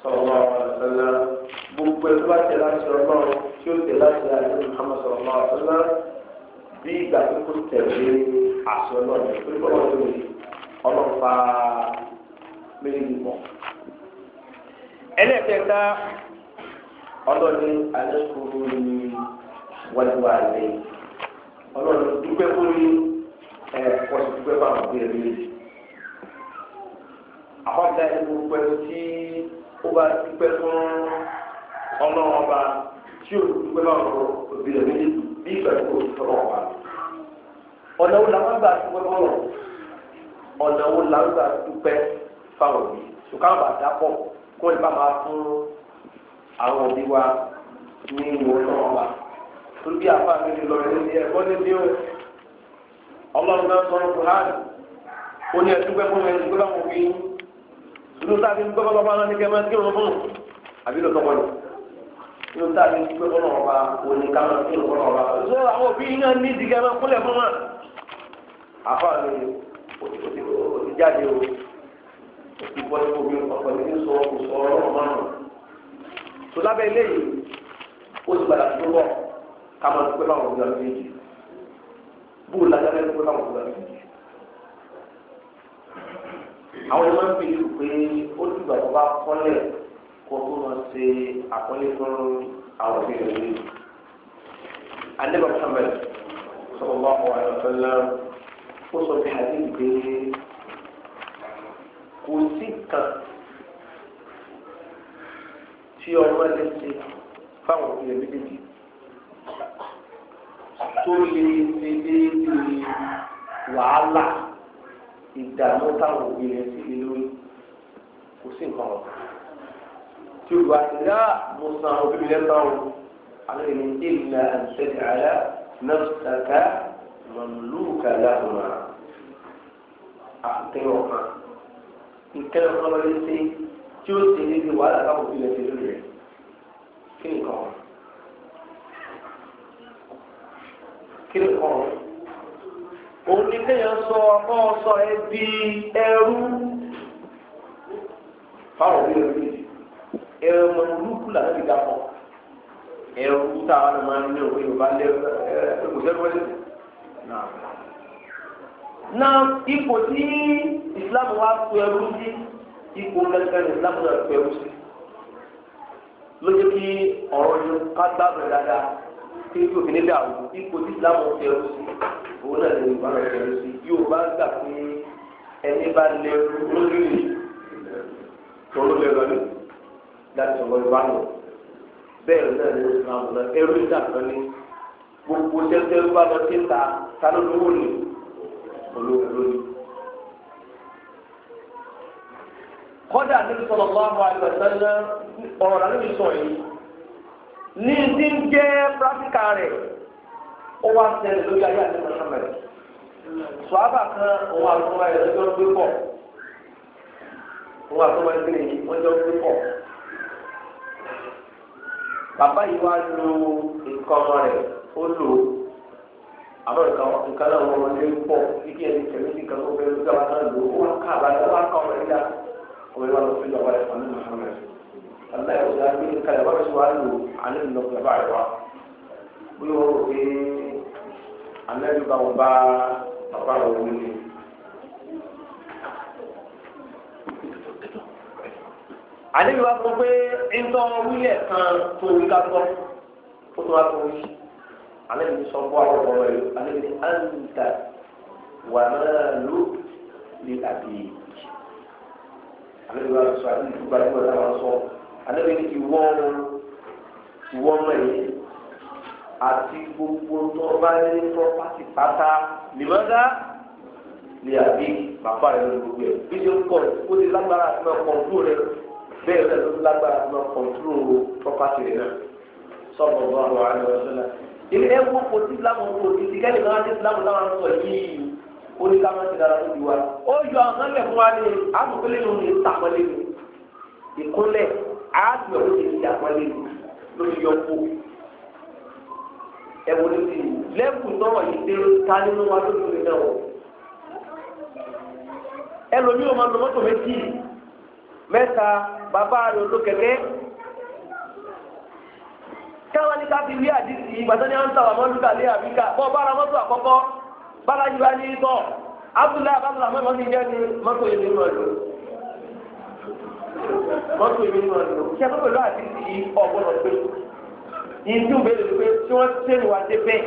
sọ̀rọ̀ ọ̀sẹ̀lá gbogbo ẹ̀kọ́ àti láti ọlọ́run tí ó tẹ̀ láti àdúrà Muhammad sọ̀rọ̀ ọ̀sẹ̀lá bí ìgbà tó kó tẹ̀lé àṣọ náà ní pé bọ́lá tó lè ọlọ́pàá méjì nìkan. ẹlẹ́kẹ̀ẹ́ta ọlọ́ni alẹ́ kúrú ni wọ́n ti ọlọ́run dúpẹ́ kúrú ẹ kọ́ sí pé bá wọn gbére méjì. àkọ́jà ìlú pẹ̀lú tí ó bá ti pẹ́ fún ọlọ́run ọba tí ò ti pẹ́ náà lọ òbílẹ̀ méjì bí ìgbà tí kò tọrọ wà. ọ̀nà wo làwọn gbà dúpẹ́ bọ́lọ̀ ọ̀nà wo làwọn gbà dúpẹ́ fáwọn òbí ṣùgbọ́n àwọn àdá pọ̀ kó lè bá máa fún àwọn òbí wa ní ìwọ̀n náà wà. torí bí àfa mi lọ rẹ̀ ẹ̀kọ́ ọlọ́run náà sọ̀rọ̀ kùránì ó ní ẹ̀dúgbẹ́ fún mi ẹ̀dúgbẹ́ bá wọn fi yín inú sáà fi ń gbọ́dọ̀ bá wọn ní kẹ́ máa ń kírun fún àbí lọ́tọ́ wọn inú sáà fi ń gbẹ́ fún ọba òní ká máa ń kírun fún ọba ṣé àwọn òbí yín náà ní ìdígẹ́ máa kúnlẹ̀ fún wọn. àfa mi ò ti jáde o ò ti bọ́ sí omi ní sọ kò ọlọ́run márùn-ún. tó lábẹ́ eléyìí ó ti gbàdá tó bọ̀ bó o lajà lẹ́nu kó táwọn kó láti di. àwọn ẹgbẹ́ ń fi lù pé ó dìgbà tó bá kọ́lẹ̀ kó tó lọ ṣe àkọ́lé fún àwọn ìbéèrè yìí. adébọ̀ sábẹ̀ sọ̀rọ̀ bá wà lọ́sọ̀lá ó sọ pé àti ìgbé kò sí kan tí ọmọ lè ṣe fáwọn ìbéèrè méjèèjì tó lè ṣe déédéé wàhálà ìdààmú táwọn òbí rẹ̀ sí lè lórí kò sí nǹkan ọ̀ tí o bá ti dá ah, mo san òbí mi lẹ́tọ̀ àwọn ènìyàn ti nà ṣẹlẹ̀ àyà nọ́ọ̀sàkà mọ̀lúùkà láhùnmá àtẹ̀wọ̀ kan ìkẹlẹ̀ kan lọ́lẹ́ sí tí ó ṣe déédéé wàhálà táwọn òbí rẹ̀ sí lórí rẹ̀ kí nǹkan ọ̀. kiri kọ̀ ọ́. òun ni kéèyàn sọ ọmọ sọ ẹ di ẹrú fáwọn òbí rẹ méjì ẹrù ọmọ olúkú làwọn ti dà pọ̀ ẹrù táwọn ọmọ máa ń ní òwe yorùbá lé ẹ na ipò tí islam wa ẹrú sí ipò ní islam náà ẹrú sí lójú kí yóò ká gbàgbé tí yóò fi ní dàrú ipò tí islam ń tẹ̀rù sí òun náà lè bá rẹ̀ tẹ̀rù sí yóò bá gbà pé ẹni bá lè lórí rẹ̀ tọ́lú lè lọ́lẹ̀ láti ọ̀rọ̀ ìwà lọ. bẹ́ẹ̀ náà ni islam náà ẹrú ìdàgbọ́n ní gbogbo tẹ́tẹ́ bá lọ sí ta ta ló lówó ni olówó lónìí. kọ́dà níbi sọ̀rọ̀ bá wà lọ́sẹ̀ náà ọ̀rọ̀ náà níbi yìí ní ti ń jẹ́ pírátíkà rẹ̀ ó wá ṣẹlẹ̀ lórí ayé àti mọ̀ṣọ́mẹ̀ rẹ̀ sọ́ábà kan òun àtúnwá ẹ̀ lọ́jọ́ gbé pọ̀ òun àtúnwá ẹ̀ gbé wọ́n jọ gbé pọ̀ bàbá yìí wá lu nǹkan ọmọ rẹ̀ ó lò ó àmọ́ nǹkan nǹkan náà wọ́n lé pọ̀ títí ẹni tẹ̀lé sí nǹkan fẹ́ lójú àwọn náà lò ó wá ká àbájá wá ká ọmọ ẹ̀dá ọmọ ẹ̀dá lọ sí ìjọba ẹ̀fọn aláì ọ̀sẹ̀ agbẹ́ni kalẹ̀ bá fẹsẹ̀ wàá lò alẹ́ nínú ọ̀gbìn bá rẹ̀ wá bí wọ́n rò pé alẹ́ bá wọn bá bàbá rẹ̀ wọlé ni. alẹ́ bí wọ́n sọ pé ńtọ́ wílẹ̀ kan tó wí ká tọ́ ó tó wá tó wí alẹ́ bí sọ bọ́ àwọn ọmọ rẹ̀ alẹ́ bí àǹtà wà náà lò lè àbí alẹ́ bí wọ́n sọ àti ìdúgbà tí wọ́n náà wọ́n sọ alẹ́ ní ìwọ ìwọ ati yìí àti gbogbo tó bá ní pọ́pátì pátá nìmọ́dá ni àbí bàbá rẹ̀ ló gbogbo ẹ̀ bí ṣe ń pọ̀ ó ti lágbára àti máa kọ̀ǹtúrò rẹ̀ bẹ́ẹ̀ rẹ̀ ló lágbára àti máa kọ̀ǹtúrò pọ́pátì rẹ̀ náà sọ̀rọ̀ bọ́ àwọn àrẹ ọ̀ṣọ́ náà. ilé ẹ̀ wọ́n kò sí islam kò sí ti kẹ́lẹ́ náà ti islam láwọn sọ yìí ó ní ká ti dára lójú wa. ó yọ àwọn ọ̀nà fún wa ní àtúntò lẹ́nu ní ìtàkọ́lẹ́nu ìkúnlẹ̀ àádùn ẹ̀ ló ti di àpọ́nlé ló ti yọ kó ẹ̀wò ló ti lẹ́kùn yìí dé ta nínú wa ló ti náà ẹlòmíràn máa lọ mọ́tò méjì mẹ́ta bàbá rẹ̀ ló káwọn ní ká rí àdìsí ìgbàdàn ní à ń sàwọn mọ́lúkà lé àbíkà bára bára yìí wá ní yìí ní yìí mọ́tò ìlú náà lò kí a tó pẹ̀lú àti ti ọ̀gbọ́dọ̀ pé ìdún bẹ́ẹ̀ lè pé tí wọ́n ṣe wà débẹ̀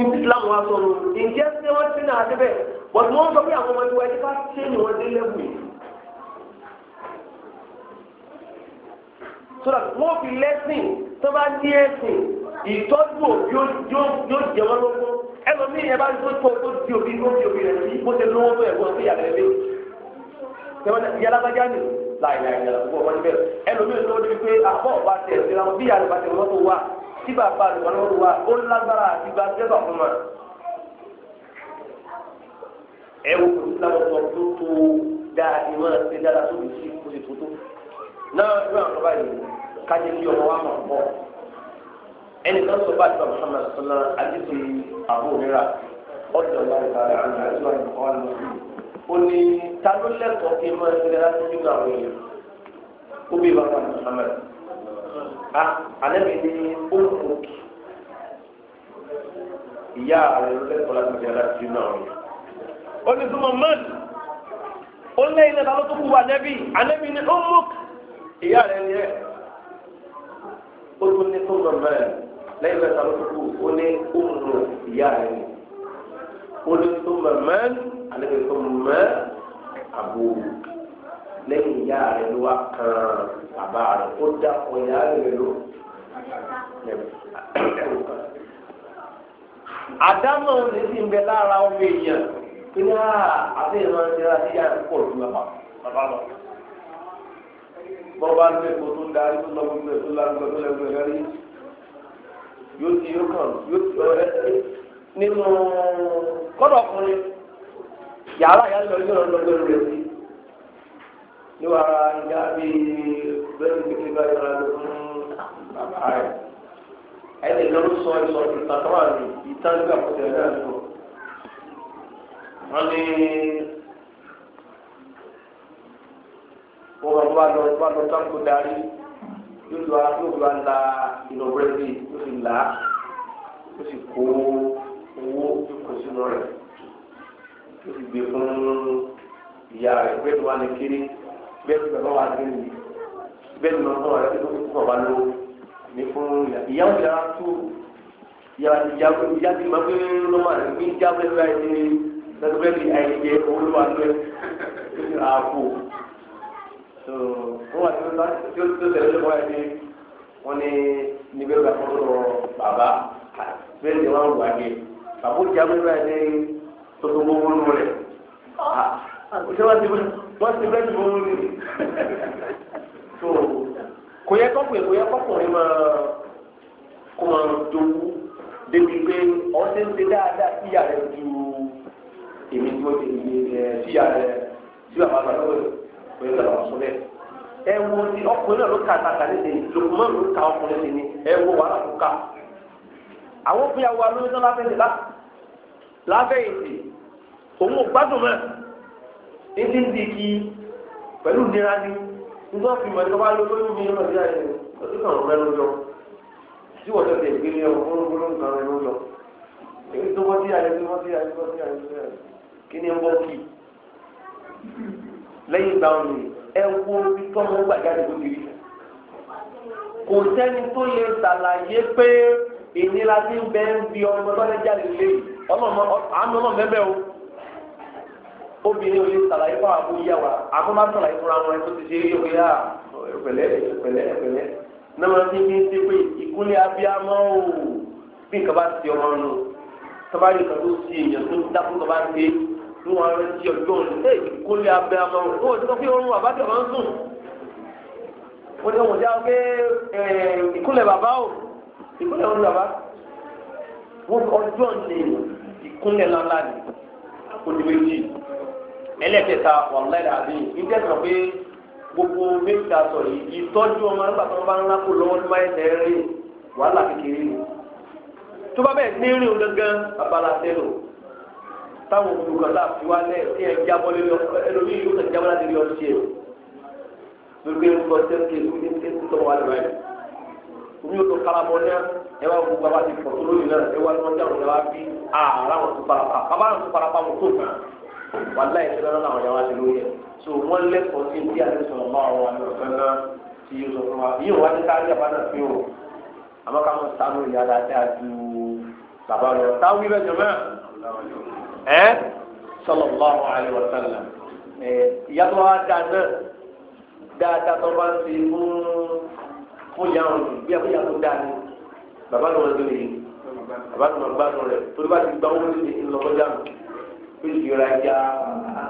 ìdí ìlànà wa sọ̀rọ̀ ìjẹ́ tí wọ́n ṣe náà débẹ̀ bọ̀dù wọn sọ pé àwọn ọmọ ìwà ẹni bá ṣe ni wọ́n dé lẹ́wù yìí. sọ́dọ̀ wọ́n fi lẹ́sìn tó bá ní ẹ̀sìn ìtọ́jú òbí yóò jẹ wọ́n lógún ẹlòmíì yẹn bá tó tó tó di òbí tó di òbí rẹ̀ sí bó ṣe lówó tó ẹ̀gbọ́n sí ìyàrá ẹ̀ láìláì lọ gbogbo ọmọdé bẹ̀rẹ̀ ẹlòmíràn tó di pé àbọ̀ bá tẹ̀ síra bí àlùbá tẹ̀ wọ́n tó wà tí bàbá àlùbá náà tó wà ó lágbára àti gba tẹ́sán fún wa. ẹ wo kò sí láwọn sọ tó tó dáa ni wọn ṣe dára tó lè ṣe kó ṣe tó tó. náà ìwé àwọn ọba yìí kájé kí ọmọ wa mọ̀ bọ̀. ẹnì kan sọ bá àti bàbá Muhammad sọlá àdìsí àbúrò rírà ọ̀dọ̀ ọ̀la ìbára àti ó ní ta ló lẹ́tọ̀ọ́ kí n máa ṣe láti ju àwọn èèyàn ó bí bàbá mi sọ́mọ́ ẹ̀ a alẹ́bi ní ó mú kí ìyá rẹ̀ lẹ́tọ̀ọ́ láti ju láti ju àwọn èèyàn ó ní súnmọ́ mọ́ọ̀lì ó lẹ́yìn náà ta ló tó kú wa alẹ́bi o ní ó mú kí ìyá rẹ̀ ni ẹ̀ ó tún ní súnmọ́ mọ́ọ̀lì lẹ́yìn náà ta kú ó ní ó mú ìyá rẹ̀ ni onítúmọ̀ mẹ́rin alẹ́ tó mẹ́ àbò lẹ́yìn ìyá rẹ̀ ló wá kan bàbá rẹ̀ ó dá ọ̀yà rẹ̀ ló. àdámọ̀ ní ti ń bẹ lára ọmọ èèyàn pé ní àti ìran ti ra sí yàrá pọ̀ ju bàbá lọ. bọ́ọ̀ bá ń bẹ̀ kó tó ń darí tó lọ gbogbo ẹ̀ tó lọ gbogbo ẹ̀ lórí yóò ti yóò kàn yóò ti ọ̀rẹ́ nínú kọ́dọ̀ ọkùnrin yàrá ìyálò ìgbèrò lọ́gbẹ̀rù rẹ̀ sí ní wàrà ìjà bí bẹ́ẹ̀ kékeré bá yọra lọ fún bàbá rẹ̀ ẹni lọ́rù sọ ìsọ ìtàn tó wà ní ìtàn nígbà kọ̀ọ̀tì ẹ̀dá àdúgbò wọ́n ní wọ́n bá lọ bá lọ sáńkó darí yóò lọ yóò lọ la ìlọ̀wẹ́rẹ́ yóò fi là á yóò sì kó owó tó kó sínú rẹ̀ tó fi gbé fún ìyá rẹ̀ bẹ́ẹ̀ tó wà ní kiri bẹ́ẹ̀ tó bàbá wà ní kiri bẹ́ẹ̀ tó bàbá wà ní kiri tó fi kọ̀ wá lówó ní fún ìyá ìyá òjà tó ìyá ìyá ìyá ti máa gbé lọ́wọ́ rẹ̀ ní ìjà bẹ́ẹ̀ tó láì ní lọ́dún bẹ́ẹ̀ ni àìjẹ owó ló wà lọ́wọ́ tó fi àpò tó wà tó tẹ̀lé lọ́wọ́ rẹ̀ wọ́n ní níbẹ̀ bàbá bẹ́ẹ̀ ni wọ́n wà ní àbújá gbígbà ní tuntun gbogbo nù rẹ̀ ah, ṣé wọ́n ti wọ́n ti bẹ́ẹ̀ tó ń rí so kò yẹ kọ́kùnrin kò yẹ kọ́kùnrin máa kó máa dowó débi pé ọ̀sẹ̀ ń ṣe dáadáa sí ìyá rẹ̀ ju èmi tí wọ́n ti ń ṣe sí ìyá rẹ̀ sí bàbá rẹ̀ lọ́wọ́ pẹ̀lú àwọn sọ bẹ́ẹ̀ ẹ wo ti ọkùnrin náà ló ka àtàkà nídìí lòkùnmọ́ ló ka ọkùnrin nìyí ẹ wo wàhálà ló ka àwọn fúnyàwó alóyún tó láfẹ́ nílá lábẹ́ ìsì òun ò gbádùn mọ́ títí ń di kí pẹ̀lú ìnira ni nígbà tí mo ẹ̀ka bá lọ lórí mi lọ sí àyè ọdún kan rẹ ló yọ tí wọ́n tẹ̀sẹ̀ gbé ní ọmọ gbólóńgbóló kan rẹ ló yọ èyí tó wọ́n sí àyè tó wọ́n sí àyè tó wọ́n sí àyè kí ni ń bọ́ kì lẹ́yìn ìgbà wọn ni ẹ wo bí tọ́mọ gbàjáde ló ti rí kò sẹ́ni tó lè ṣàlàyé pé ìnira ti ń bẹ́ẹ̀ ń bi ọmọ lọ́lẹ́jáde lé yìí àánú ọlọ́run bẹ́ẹ̀ o obìnrin ò lè sàlàyé fún àwọn ìyá wa àmọ́ má sàlàyé fún àwọn ẹni tó ti ṣe é yóò yá ẹ̀pẹ̀lẹ́ ah, ẹ̀pẹ̀lẹ́ ẹ̀pẹ̀lẹ́ náà ti fi ṣe pé ìkúnlẹ̀ abiyamọ o bí nǹkan bá ti ọmọ nù tọ́bárì kan tó ṣe èèyàn tó ń dákú tó bá ṣe ní wọn rẹ ti ọjọ́ òun ṣe ìkúnlẹ̀ abiyamọ o ò ti sọ pé oorun àbájọ máa sùn wọ́n ti wọ́n já pé eh, ìkúnlẹ̀ bàbá o ìkúnlẹ̀ òun bàbá wọ́n ọjọ́ ní ìkúnlẹ̀ lọ́la ni oníméjì ẹlẹ́kẹta wàlúwàlá àbí níjẹ́ sọ pé gbogbo méjì àtọ̀ yìí ìtọ́jú ọmọ nígbà tó bá ńlá kó lọ́wọ́ tó bá yẹ tẹ́rẹ́ rè wàhálà kékeré ni tó bá bẹ́ẹ̀ ní rìn gángan abala tẹ́lò táwọn olùkọ́lá fi wá lẹ́ tí ẹ jábọ́ lórí ẹlòmíì yóò kàn jábọ́ láti rí ọtí ẹ̀ lórí ẹ̀ ń kọ́ sẹ́ńkì lórí ẹ̀ ń omi yóò tó kalabọ náà ẹ bá gbogbo bàbá ti pọ̀ tó lónìí náà ẹ wá ní wọn jẹ́ àwọn yàrá bí ara wọn tó farapa bàbá wọn tó farapa wọn tó kàn wàlá yìí sẹ́dọ̀ náà àwọn yàrá ti lóye so wọ́n lẹ́kọ̀ọ́ sí bí alẹ́ sọ̀rọ̀ bá àwọn àlọ́ fẹ́lá tí yóò sọ fún wa yìí wọ́n ti kárí àbá náà fi hàn àmọ́ ká mọ̀ sánú ìyá dáadáa ju bàbá lọ táwọn ibẹ̀ jọ mẹ́ ẹ́ sọ̀rọ̀ bá àwọn àlẹ́ wọ̀ sẹ́lá ìyá tó wá dáadáa dáadáa tó bá ń ṣe fún fún ìyá wọn bí abúlé àtúntò dáa ni bàbá ló wọn ti rèé bàbá ló wọn gbádùn rẹ torí bá ti gba owó ti di ńlọkọjá mi yóò ti ra ẹja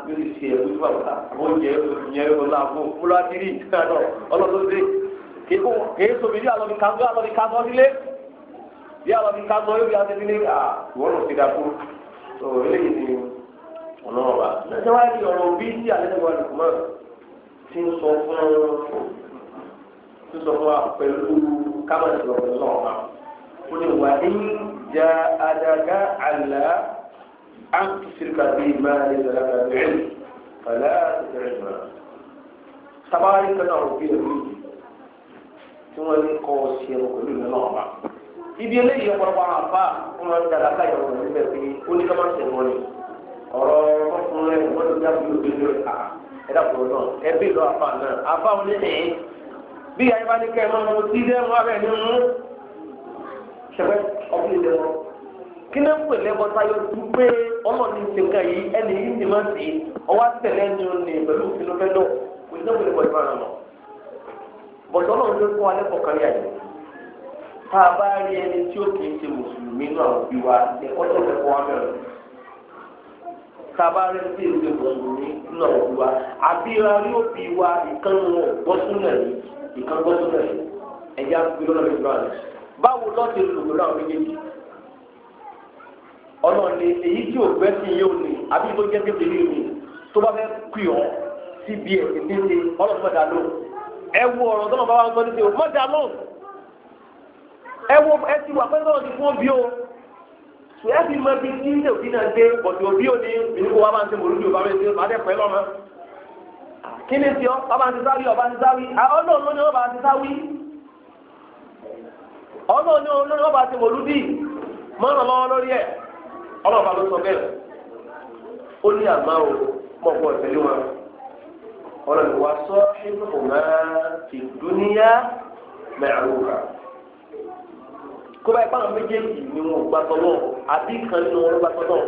yóò ti ṣe ẹkú fún àwọn oúnjẹ ìyẹn ló la fún fúlọ àdìrí ìkànnà ọlọ́dọ̀dẹ kìí sọmi ní alọ́ mi ká gbọ́ alọ́ mi ká gbọ́ nílé bí alọ́ mi ká gbọ́ yóò bí a ti nílé ìwọ́n ló ti dà fún tó eléyìí ni ọ̀nà ọ̀bà. ṣé wàá di bí tí alẹ́ nígbà lùkùmọ̀ ti ń sọ fún tó sọ fún wa pẹ̀lú kábàdì ọ̀rọ̀ náà wa ó ní wà ní ja adaka àlá an ṣirka bíi máa ní ìlànà bẹ̀rẹ̀ fàlà bẹ̀rẹ̀ náà. sábàárì kan náà òbí rẹ̀ lóyún tí wọ́n ní kọ́ ṣe ẹ̀rọ pẹ̀lú ìlànà náà wa. ibi eléyìí ọ̀pọ̀lọpọ̀ àwọn àbá wọn máa ń dàgbà káyọ̀ ọ̀rọ̀ níbẹ̀ pé ó ní ká má ṣe wọlé ọ̀rọ̀ ọkùnrin rẹ̀ wọ́n ti dá bí òbí rẹ̀ ká ẹ̀dá kúrò náà ẹbí lọ àfa náà àfa wọn ní bí ìyá yín bá ní kẹ́ẹ̀ máa mú ilé ẹ̀rọ abẹ́ ní ọkùnrin lè kí ló ń pè lẹ́kọ̀ọ́ táyọ̀ tú pé ọlọ́ọ̀ni ti yìí ẹni yìí ti máa sí ọwọ́ àtẹ̀lẹ́ ẹni ní pẹ̀lú òfin lọ kò ní bọ̀dọ̀ ló tá a bá rí ẹni tí ó ṣe mùsùlùmí àwọn òbí wa ìkan gbọ́ sílẹ̀ ẹ̀jẹ̀ àkùkù lọ́nà méjì báyìí báwo lọ́ọ́ ti lò lọ́nà méjèèjì ọ̀nà ni èyí tí ò gbẹ́ sí yóò ní àbí tó jẹ́ kékeré mi tó bá fẹ́ pì ọ́ síbi ẹ̀ tètè ọlọ́mọdà ló ẹ wo ọ̀rọ̀ tó lọ́ọ́ bá wà ń gbọ́ tètè ọmọdà ló ẹ wo ẹ ti wà pẹ́ lọ́wọ́ ti fún bí o ṣùgbọ́n ẹ ti mọ ibi tí ìdè òbí náà dé bọ̀dọ̀ òbí ò ní ìlú wa máa ń ṣe mòlúdì òbá rẹ̀ ṣe máa dẹ́ pẹ́ lọ́mọ. kí ni ọ ọba ti sáwí ọba ti sáwí ọlọ́run ló ọba ti sáwí ọlọ́run ló ọba ti mọ̀lúdì mọ́ràn lọ́wọ́ lórí ẹ̀ ọlọ́ba ló sọ bẹ́ẹ̀ ó ní àmà o mọ̀ pọ̀ wọn sọ dúníyà mẹ́rin kó méjèèjì ni wọn gbàtọ́ àbí kan wọn gbàtọ́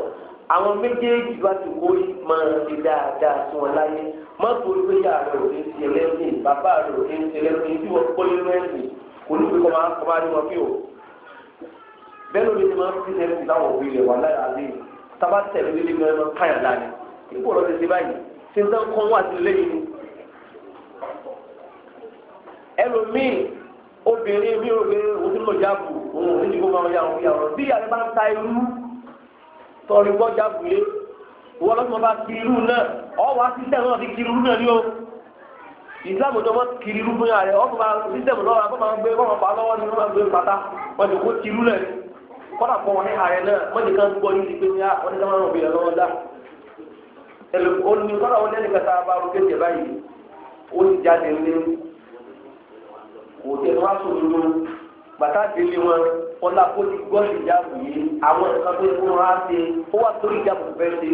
àwọn méjèèjì bá ti kó máa ṣe dáadáa sí wọn láyé má torí pé yàrá rẹ̀ ò ní ṣe lẹ́sìn bàbá rẹ̀ ò ní ṣe lẹ́sìn tí wọ́n kó nínú ẹ̀sìn kò ní fi kọ́ máa kọ́ máa ní wọn fi o. bẹ́ẹ̀ ló ní ti máa ń fi ẹ̀sìn láwọn òbí rẹ̀ wà láyà lé tábà tẹ̀lé nílé mi ọ̀nà káyà lánàá ipò ọ̀rọ̀ ti ṣe báyìí ṣe ń tán kọ́ wà sí lẹ́yìn ẹlòmíì obìnrin mi ò lè òun tọrin gbọ́jà gbélé wọ́n lọ́sọ̀ bá kiri irú náà ọ̀wọ́ sísẹ̀mù náà ti kiri irú náà ni ó ìsìlámù tó wọ́n kiri fún sísẹ̀mù máa gbé wọ́n pa lọ́wọ́ ni wọ́n máa gbé pátá wọ́n ti kó kọ́nà wọn ní ààrẹ náà wọ́n ti kàn gbọ́ pé lọ́wọ́ bàtà délé wọn ọlá kó ti gbọ́sì ìjáàbù yìí àwọn nǹkan tó kún ra ṣe ó wà torí ìjáàbù fẹ́ ṣe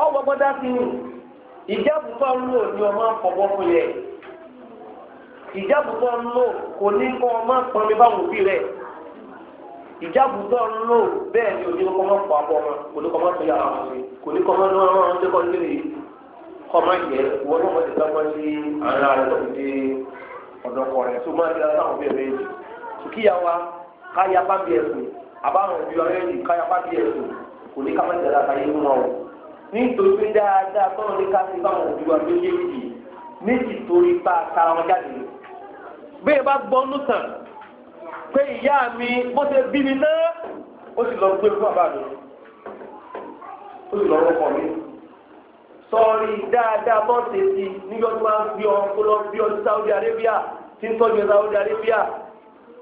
ọ gbọ́gbọ́dá sí ni ìjáàbù tó ń lò ní ọmọ fọwọ́ fún yẹ ìjáàbù tó ń lò kò ní kọ́ ọmọ pọnmi báwọn òbí rẹ̀ ìjáàbù tó ń lò bẹ́ẹ̀ ni òní kọ́ ọmọ fọ abọ́ ọmọ kò ní kọ́ ọmọ tó yàrá wọn ṣe kò ní kọ́ ọmọ náà wọn ṣe kọ́ nílé kọ́mọ yẹ kíyàwó káyapa bí ẹ̀sùn àbáwọn òbí wa yẹn ní káyapa bí ẹ̀sùn kò ní ká má dàda ká yé mú wọn o nítorí pé dáadáa tọ́lọ́ ní ká ti báwọn òbí wa méjèèjì méjì torí bá a kára wọn jáde bẹ́ẹ̀ bá gbọ́ nù tàn pé ìyá mi bó ṣe bí mi náà ó sì lọ gbé fún bàbá mi ó sì lọ rọ́pọ̀ mi sọ́ọ́rí dáadáa bọ́ọ̀sì ti ní tó máa ń gbé ọ kó lọ gbé ọ sí Saudi Arabia tí ń tọ́jú Saudi Arabia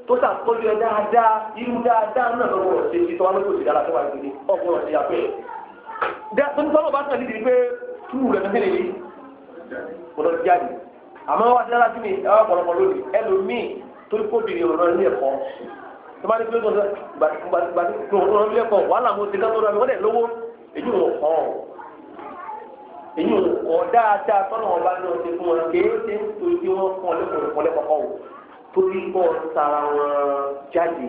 tó sàkójú ẹ dáadáa irú dáadáa náà lọ́wọ́ ṣe ti tọ́wọ́ lóko ìdára tó wà nídìí ọ̀pọ̀ ọ̀sẹ̀ yàgbẹ́ ẹ̀. tó ní sọ́nà bá tẹ̀lé ìdí pé túwù rẹ̀ tó tẹ̀lé yìí kò lọ jáde àmọ́ wá sí lára sí mi ẹ̀rọ ọ̀pọ̀lọpọ̀ lónìí ẹlòmíì tó ní kóbìnrin ọ̀rọ̀ ní ẹ̀kọ́ tó bá ní pé tó ń sọ ọ̀rọ̀ ní ẹ̀kọ́ fún wọn torí bọ́ tara wọn jáde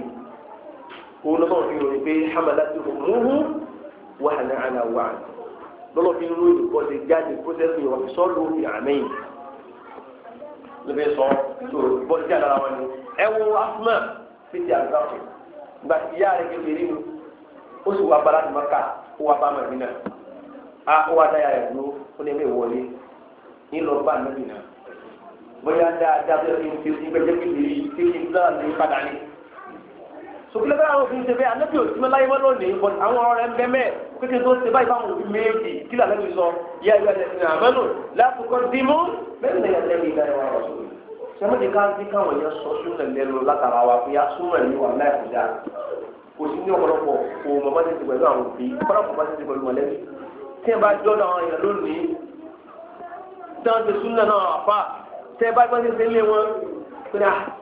òun lọ́wọ́ fi ròyìn pé hamalatu humuhu wàhánà àlàwà lọ́wọ́ fi ròyìn kọ́ ṣe jáde pósẹ́sì wọn fi sọ́ọ́ lórí àmẹ́yìn lóbi sọ tó bọ́ sí àdára wọn ni ẹ wo asuma fi ti àgbà fún gba ìyá rẹ kékeré mu ó sì wá bala ní maka ó wá bá màdínà á ó wá dáyà rẹ dúró ó ní ẹgbẹ́ ìwọlé ní lọ́ọ́ bá nàbì náà bóyá dáadáa tó yẹ kí n ṣe ìgbẹ́ jẹ́ kékeré tí n gbà ní padà ní. sùkúlẹ̀ bá àwọn òfin ṣe bẹ́ẹ̀ anábì òsínmi láyé wọ́n lónìí bọ́n àwọn ọ̀rẹ́ ń bẹ́ mẹ́ kékeré tó ṣe báyìí báwọn òfin méjì kí làlẹ́ mi sọ yá ìwé ẹ̀sẹ̀ ní àmọ́nù lákòókò dìímú bẹ́ẹ̀ ni ẹ̀sẹ̀ mi ìgbà ìwà rọ̀ sẹ́mẹ́tì káńtì káwọn yẹn sọ súnmọ̀ lẹ́nu látara wa fi asúnmọ̀ ní wà láì kọjá kò sí ní ọ̀pọ̀lọpọ̀ kò mọ̀mọ́ tètè pẹ̀lú àwọn òbí ọ̀pọ̀lọpọ̀ tẹ bá gbọ́n ti ṣe lé wọn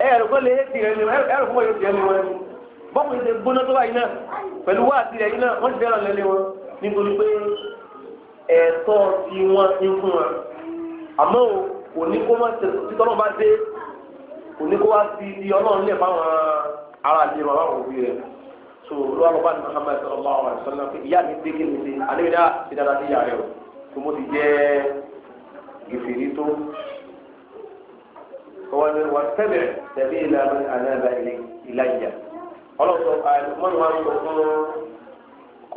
ẹ̀rọ kọ́ lè ti rẹ̀ ni wọn ẹ̀rọ fún wọn yóò ti rẹ̀ ni wọn bọ́ọ̀mù ti gbóná tó báyìí náà pẹ̀lú wá àti rẹ̀ yìí náà wọ́n ti fẹ́ràn lẹ́lé wọn nítorí pé ẹ̀tọ́ ti wọn ń fún wọn àmọ́ ò ní kó má ṣe títọ́ náà bá dé ò ní kó wá sí ibi ọlọ́run lẹ̀ fáwọn ará ilé wọn àwọn òbí rẹ̀ so lọ́wọ́ bàbá ní Muhammad sallallahu alaihi wasallam ìyá mi o tó mo ti jẹ́ gèfèrè wọ́n ní wọ́n tẹ́lẹ̀ tẹ̀lé ìlànà ànáàbà ìlàjà ọlọ́sọ àìmọ́nù máa ń sọ fún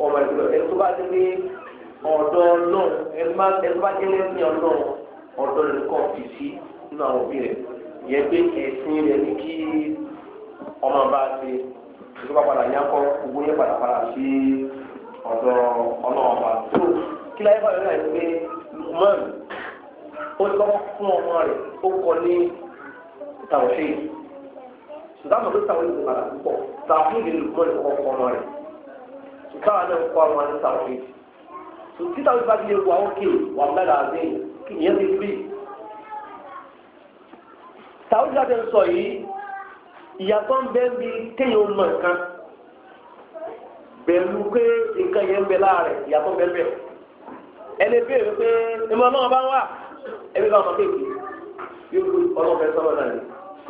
ọmọ ìgbìlọ̀ ẹni tó bá ti ní ọ̀dọ́ náà ẹni tó bá ti ní ẹni ọ̀dọ́ ọ̀dọ́ rẹ̀ kọ́ fi sí nínú àwọn òbí rẹ̀ yẹn pé ẹ̀sìn rẹ̀ ní kí ọmọ bá ti tó bá padà yá kọ́ owó yẹn padà padà sí ọ̀dọ́ ọlọ́ọ̀ba tó kí láyé bá yọ náà yẹn pé mọ́ọ̀nù ó lọ́wọ́ fún ọmọ rẹ̀ ó kọ ní tàwọ̀ṣe ṣùgbọ́n àwọn tó tàwọn ìlú padà púpọ̀ tàwọn ìlú olùkọ́ lè kọ́ ọmọ rẹ̀ ṣùgbọ́n àwọn náà kọ́ àwọn ní tàwọ̀ṣe ṣùgbọ́n títà wípé àti ewu àwọn kéwì wà mẹ́ta àdéhùn kí ìyẹn ti fi. tàwọn ìlú àti sọ yìí ìyàtọ̀ ia bẹ́ẹ̀ bí kéèyàn mọ̀ nǹkan pẹ̀lú pé nǹkan yẹn ń bẹ láàrẹ̀ ìyàtọ̀ bẹ́ẹ̀ bẹ́ẹ̀ ẹni bẹ́ẹ̀ pé ìmọ̀ náà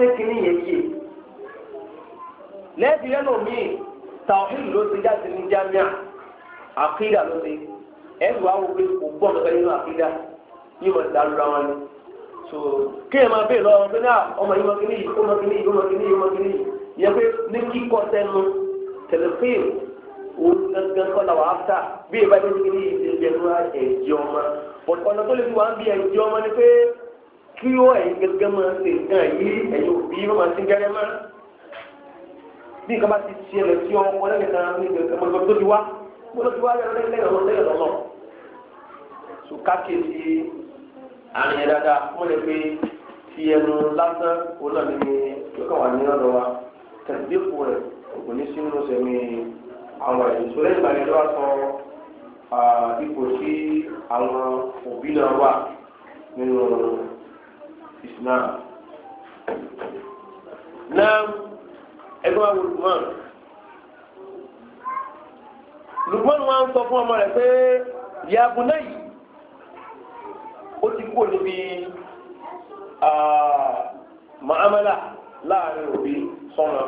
ṣé kìíní yẹn yé lẹ́ẹ̀bí ẹlòmíì tàwíìlì ló ti jáde ní jámíà àkídà ló ti ẹ̀rù wa wo pé kò gbọ́n lọ́sẹ̀ nínú àkídà yìí wọ́n ti dàrú ra ni so kéèyàn máa bèèrè lọ́wọ́ pé náà ọmọ yìí mọ́kìnní yìí ó mọ́kìnní yìí ó mọ́kìnní yìí ó mọ́kìnní yìí yẹn pé ní kíkọ́ sẹ́nu tẹlifíìmù òun gangan kọ́ la wà á ta bí ìbájú kíní yìí ti ń bẹ̀rù ẹ̀jẹ̀ ọmọ ọ̀nà kí ó ẹ̀yin gẹ́gẹ́ máa ṣe nǹkan yìí ẹ̀yin òbí máa ṣe gẹ́gẹ́ máa bí nǹkan bá ti ṣẹlẹ̀ sí ọmọ lẹ́yìn náà ní ìgbésẹ̀ mọ́ tó ti wá mọ́ tó ti wá lẹ́yìn lẹ́yìn lọ́wọ́ lẹ́yìn lọ́wọ́ so kákèsí àrìn dáadáa wọ́n lè pe ti ẹnu lásán òun náà ní yọkàn wà ní ọ̀dọ̀ wa tẹ̀síkù rẹ̀ ògùn ní sínú sẹ́mi àwọn ẹ̀yìn lọ́wọ́ sọ islam náà ẹgbẹ́ wa lukman lukman wa ń sọ fún ọmọ rẹ̀ pé yaabu náà yìí ó ti kúrò níbi màámálà láàrin òbí sọ́nà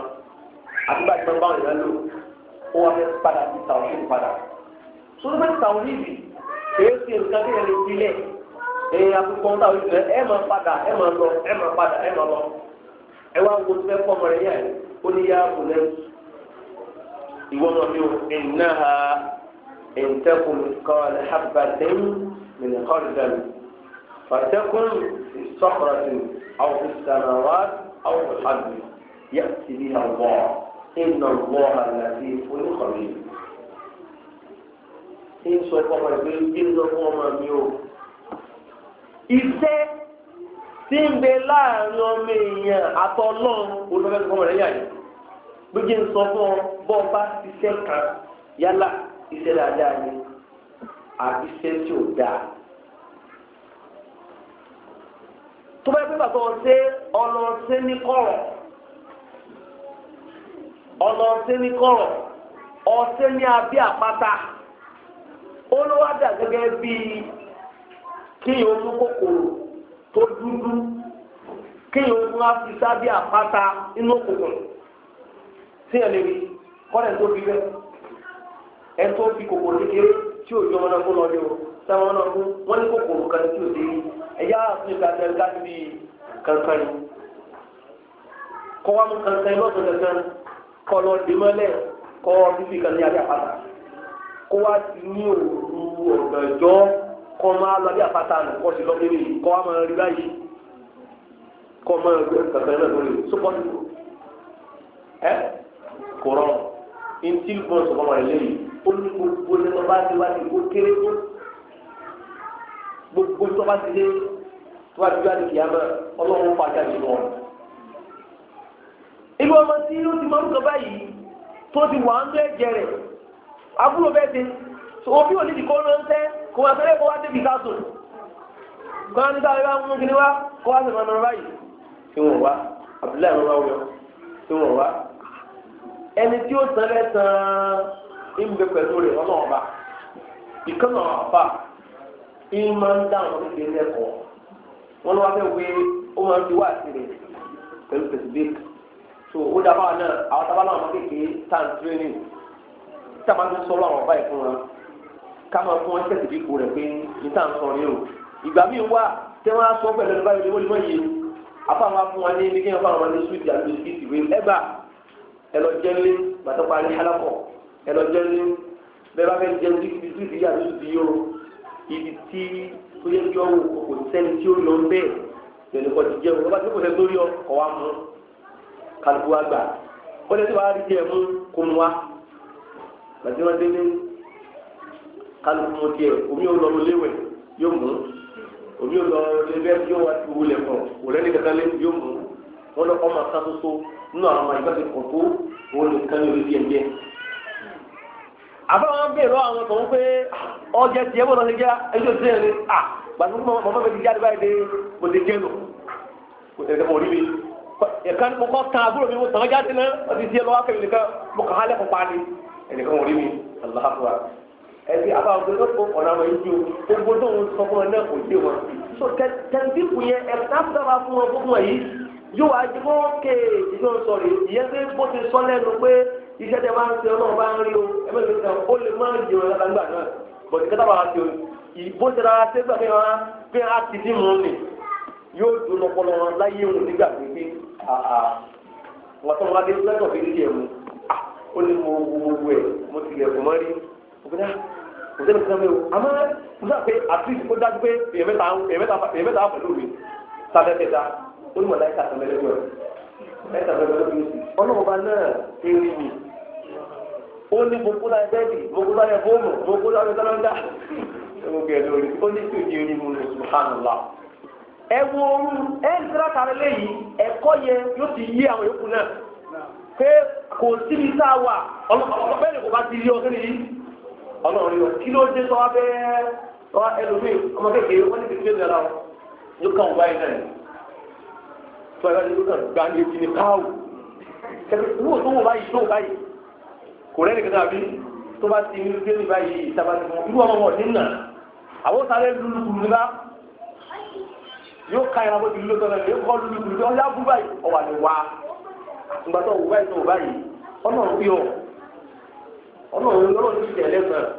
àtúgbà tí wọ́n bá wọn lò ó wá fẹ́ padà sí tàwọn ìlú padà. sọ́dọ̀ fẹ́ tàwọn ìlú kì í ṣe nǹkan tí wọ́n lè fi lẹ̀ ẹ̀yìn akókò ń táwọn ìṣẹ̀lẹ̀ ẹ̀ máa padà ẹ̀ máa lọ ẹ̀ máa padà ẹ̀ máa lọ. ẹ wá wo fẹ́ fọmọ rẹ yẹn ó ní yá kò lẹ́nu. ìwọ náà mi ò ẹ̀nà ha ẹ̀ǹtẹ́kùn kan habbatin min khardal fatakun sọ́kọ̀rọ̀tì àwọn ìsànàwá àwọn ìhàbì yẹ ti bí àwọ̀ ìnà wọ́ àlàyé oníkọ̀ọ̀lì. ń sọ fọmọ rẹ pé kí ń lọ fún ọmọ mi o. ihe tí ń bẹ láàrin ọmọ èèyàn àtọlọ́run olùfẹ́ rẹ̀ yà yìí ń sọ fún ọ bọ́ ọ bá ṣiṣẹ́ kan yálà iṣẹ́ dáadáa ni àbí iṣẹ́ tí ò dáa tó bá yẹ kó ní kọ̀rọ̀ kéèyàn ojú kòkòrò tó dúdú kéèyàn ojú wá fi sábẹ́ àpáta inú òkùnkùn tí ẹ lè rí kọ́lẹ̀ tó fi bẹ́ẹ̀ ẹ tó fi kòkòrò kékeré tí òjò ọmọ kó lọ o sábà wọn náà wọn ní kòkòrò kan tí ò dé rí àfihàn kankan kọ́ mú kankan lọ́sọ̀ kankan kọ́ lọ dé mọ́lẹ̀ kọ́ fífi àpáta kó ti ní òru ọ̀gbẹ̀jọ́. kọ́ máa lọ bí àpáta nù kọ́ sí lọ́kẹ́rẹ́ yìí kọ́ máa rí báyìí kọ́ máa rí kankan náà lórí sọ́kọ́tì ẹ kò rọrùn ntí bọ́ sọ́kọ́ wà lẹ́yìn ó ní gbogbo ní ọba ti wá ní kó kéré tó gbogbo tó bá ti dé tó bá ti dé àti kìá náà ọlọ́run pàṣẹ àti wọn. ibi ọmọ tí ó ti máa ń sọ báyìí tó ti wà ń lẹ́jẹ̀ rẹ̀ àbúrò bẹ́ẹ̀ ti òbí òní ti kọ́ ló ń tẹ́. kọwa wá sọ́lé kó wá débi ká sùn kó mú kiri wá kó wá báyìí tí wọ́n wá Abdullahi wọn wá tí wọ́n wá ẹni tí ó ń bẹ pẹ̀lú rẹ̀ ìkànnà àfà ń máa ń lẹ́kọ̀ọ́ wá fẹ́ wé ó máa ń fi wá sí rẹ̀ pẹ̀lú ó dábàá náà Kama máa fún wọn tẹ̀sí bí kò rẹ̀ pé ní tá à ń sọ ní o ìgbà míì wà tí wọ́n á sọ pẹ̀lú ẹni báyìí wọ́n lè mọ̀ yìí afáwọn afún wọn ní bíkẹ́ afáwọn wọn ní suwiti àti bisikíìtì wé ẹgbà ẹlọjẹlé gbàtọ́pá ní alákọ̀ ẹlọjẹlé bẹ́ẹ̀ bá fẹ́ jẹ bisikíìtì yà lóṣù tí yóò ibi tí ó yẹ kí ọwọ́ kò sẹ́ni tí ó lọ bẹ́ẹ̀ lẹ́nu kálukú mo tiẹ̀ omi ò lọ léwẹ̀ yóò mú omi ò lọ lébẹ́ yóò wá ti wulẹ̀ kàn òrẹ́ ní kankan lé yóò mú wọn lọ ọmọ ká soso nínú àwọn ọmọ ìgbàgbé kọ̀tó òun nìkan ní orí díẹ̀ díẹ̀. àbáwọn bèèrè àwọn tó ń pé ah, ọjà tiẹ̀ bọ̀ lọ́sẹ̀ jẹ́ ẹjọ́ tiẹ̀ ni à ah, gbàdúgbò mọ́mọ́ bẹ́ẹ̀ ti jáde báyìí dé mo ti jẹ́ lò mo rí mi ẹ̀ka ni mo kọ́ tan àbúrò mi mo tàn án jáde náà wọ́n ti tiẹ̀ lọ́wọ́ kẹ́mi nìkan mo kàn án lẹ́kọ̀ọ́ pa ni ẹnìkan mo rí ẹbí àbáwọ̀gbẹ́ ló fún ọ̀nà àwọn ìjọ gbogbo tó ń sọ fún ọ náà kò yé wọn. so tẹ̀síkù yẹn ẹ̀ka sábà fún wọn fún wọn yìí yóò wá jí wọn kéè ìjọ ń sọ rèé ìyẹn pé bó ti sọ lẹ́nu pé iṣẹ́ tẹ máa ń ṣe ọlọ́run bá o ẹ mẹ́rin kan ó lè má yẹ wọn lára nígbà náà bọ̀dé kátà bá wa ṣe o ìbó ṣe rárá ṣé gbàgbé wọn pé a ti dín mu nì yóò dùn ọpọlọ wọn láyé wọn nígbà pípé àà wọn tó wọn adé lẹ́tọ̀ fi ń di ẹ̀mú ah, ó ní mo wo gbogbo ẹ̀ mo tilẹ̀ kò mọ́ rí òkúta kò sẹ́ni kankan mẹ́wò àmọ́ mo sọ pé at least kó dájú pé èyàn mẹ́ta èyàn mẹ́ta pẹ̀lú mi sáfẹ́fẹ́ta ó ní mọ̀láyíkà àtàmẹ́lẹ́gbẹ̀rẹ̀ mẹ́ta mẹ́lẹ́gbẹ̀rẹ̀ ọlọ́run bá náà eré mi ó ní gbogbo láyé bẹ́ẹ̀dì gbogbo láyé fóònù gbogbo láyé sálọ́ńdà gbogbo ẹ̀ lórí ó subhanallah ẹ wo ooru ẹ ń tẹ́lá tààrẹ léyìí ẹ̀kọ́ yẹ yóò ti yé àwọn yòókù náà pé kò síbi tá wà ọlọ́pàá ni ọlọ́run yọ kí ló dé sọ wá bẹ́ẹ̀ sọ wá ẹlòmíì ọmọ kékeré wọ́n ní kékeré gbẹ̀rẹ̀ àwọn yóò kàn wá iná yìí tó ẹ̀rọ ni yóò kàn ní etí ni káwù kẹfẹ wò tó wò báyìí tó báyìí kò rẹ́ni kẹta àbí tó bá ti ní gbé ní báyìí ìtaba ti mọ irú ọmọ wọn ní nà àwọn sáré lulukulu ní bá yóò ká ìrànwọ́ ti lulọ́ sọ́nà yóò kọ́ lulukulu tó yá bú ni wá ìgbà tó wò báyìí tó wò báyìí ọ ọlọ́run lọ́rọ̀ ní ìjẹ́ lẹ́gbẹ̀ẹ́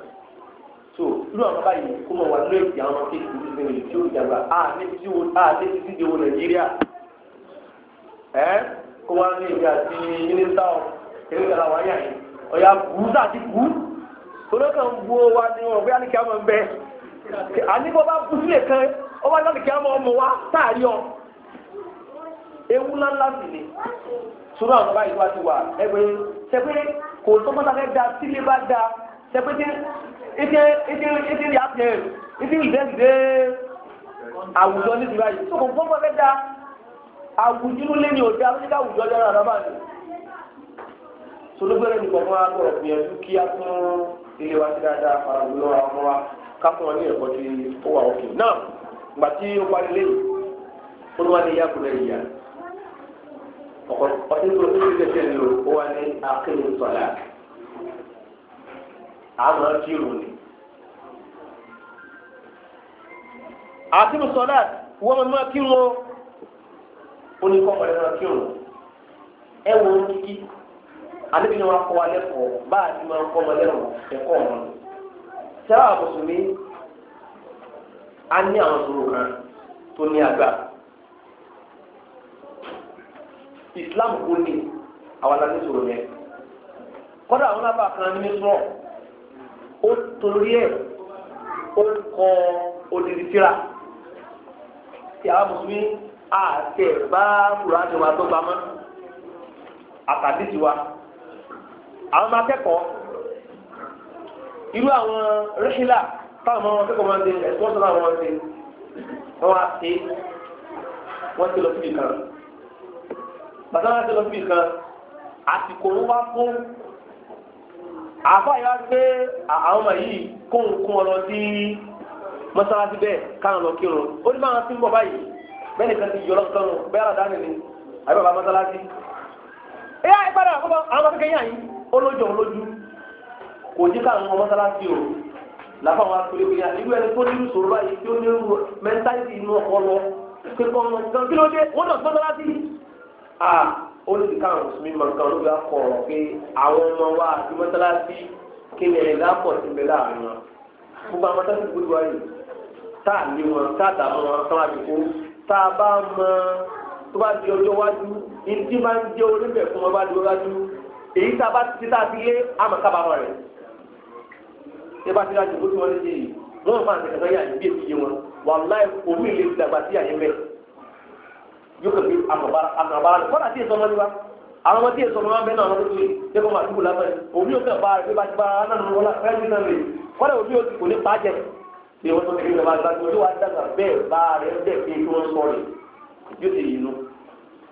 so irú àwọn báyìí kó mọ̀ wà nínú èdè àwọn kéèkì ní tí ó jàgbá a wo a nàìjíríà ẹ kó wá ní ìgbà tí mínísítà yìí ọ̀yà ti olókàn bu wa ni wọn bóyá ní kí bẹ bá sílẹ̀ wa ọ ewu ńláńlá sì ni sọ́dọ̀ àwọn báyìí wá ti wà kò tó mọ́ta fẹ́ da sílé bá da ṣẹpẹ́tẹ́ ètè ètè ètè ìyá tẹ̀ ètè ìdẹ́gbẹ́ àwùjọ ní ìdúrà yìí tó kò tó mọ́ta fẹ́ da àwùjọ lé ní òde àwùjọ àwùjọ lẹ́nu àdámà ni sologbere nìkan fún wa kọ̀ gbìyànjú kí a fún ilé wa sí dáadáa àwùjọ àwọn ọmọ wa ká fún wọn ní ẹ̀kọ́ tí ó wà òkè náà gbàtí ó parí lẹ́yìn ó ní wọn ní ìyá kúrẹ́ ìyá. ọtụtụ ndị tó ti tẹ̀sẹ̀ lò ó wà ní akéwì sọ̀lá àmọ́ kírun ni. àkéwì sọ̀lá wọ́n máa kírun o na ní kọ́kọ́ lẹ́nu kírun ẹ wo kíkí a ti máa kọ́ ọmọ lẹ́kọ̀ọ́ ẹ̀kọ́ a ní islam kò ní àwọn aláǹdí sọ̀rọ̀ yẹn kọ́dà àwọn alábà kan ní sọ ó torí ẹ̀ ó kọ odidi síra tí àwọn mùsùlùmí àti ẹ̀ bá kùránì wa tó gbámọ́ àtàdé tiwa àwọn ọmọ akẹ́kọ̀ọ́ irú àwọn rẹ́ṣílà táwọn ọmọ akẹ́kọ̀ọ́ máa ń ṣe ẹ̀sùn ọ̀sán àwọn ọmọ ṣe ṣe wọ́n ti lọ síbi kan bàtà láti lọ síbi kan àsìkò ń wá fún àfáà yá pé àwọn ọmọ yìí kóhùn kún ọ lọ sí mọ́sálásí bẹ́ẹ̀ káwọn lọ kírun ó ní máa ti ń bọ̀ báyìí bẹ́ẹ̀ nìkan ti yọ lọ́sọ̀tàn nù bẹ́ẹ̀ àdá nìyí àbí bàbá mọ́sálásí. ẹ̀yà ìpadà àkọ́kọ́ àwọn akẹ́kẹ́ yàn yín olójó olójú kò jẹ́ káwọn ọmọ mọ́sálásí o làbá wa pèlè pèlè àti irú ẹni tó nínú sòrò báyìí tí ó ní mẹ́ntálítì inú ọpọlọ pé kọ́ ọmọ kí ló dé wọ́n náà mọ́sálásí a ó sì ká àwọn mùsùlùmí máa ń kan olóògbé akọ ọ̀rọ̀ pé àwọn ọmọ wa àti mọ́tálásí kí ni ẹ̀dá pọ̀ sí mi láàrin wọn gbogbo àwọn mọ́tálásí gbogbo ayé tá a lé wọn tá a dà mọ́ wọn tán àti kó tá a bá mọ tó bá di ọjọ́ wájú ìdí máa ń jẹ́ oníbẹ̀ fún wọn di ọjọ́ wájú èyí tá a bá ti tá a ti lé àmọ́ kábàámọ̀ rẹ̀ ẹ bá ti rájò bó ti wọlé dé yìí wọn máa tẹ̀sán yà yóò kàn fi àkàbára rẹ̀ kọ́nà tí èso ọmọdé wa àwọn ọmọ tí èso ọmọ bẹ́ẹ̀ náà lọ́dún yìí dẹ́kun máa dúró lábẹ́ òbí yóò kàn bá rẹ̀ bí bá ti bá ara náà lọ́la fẹ́ẹ́ náà rẹ̀ kọ́nà òbí yóò ti kò ní pàjẹ́ ìwọ́n tó ti rí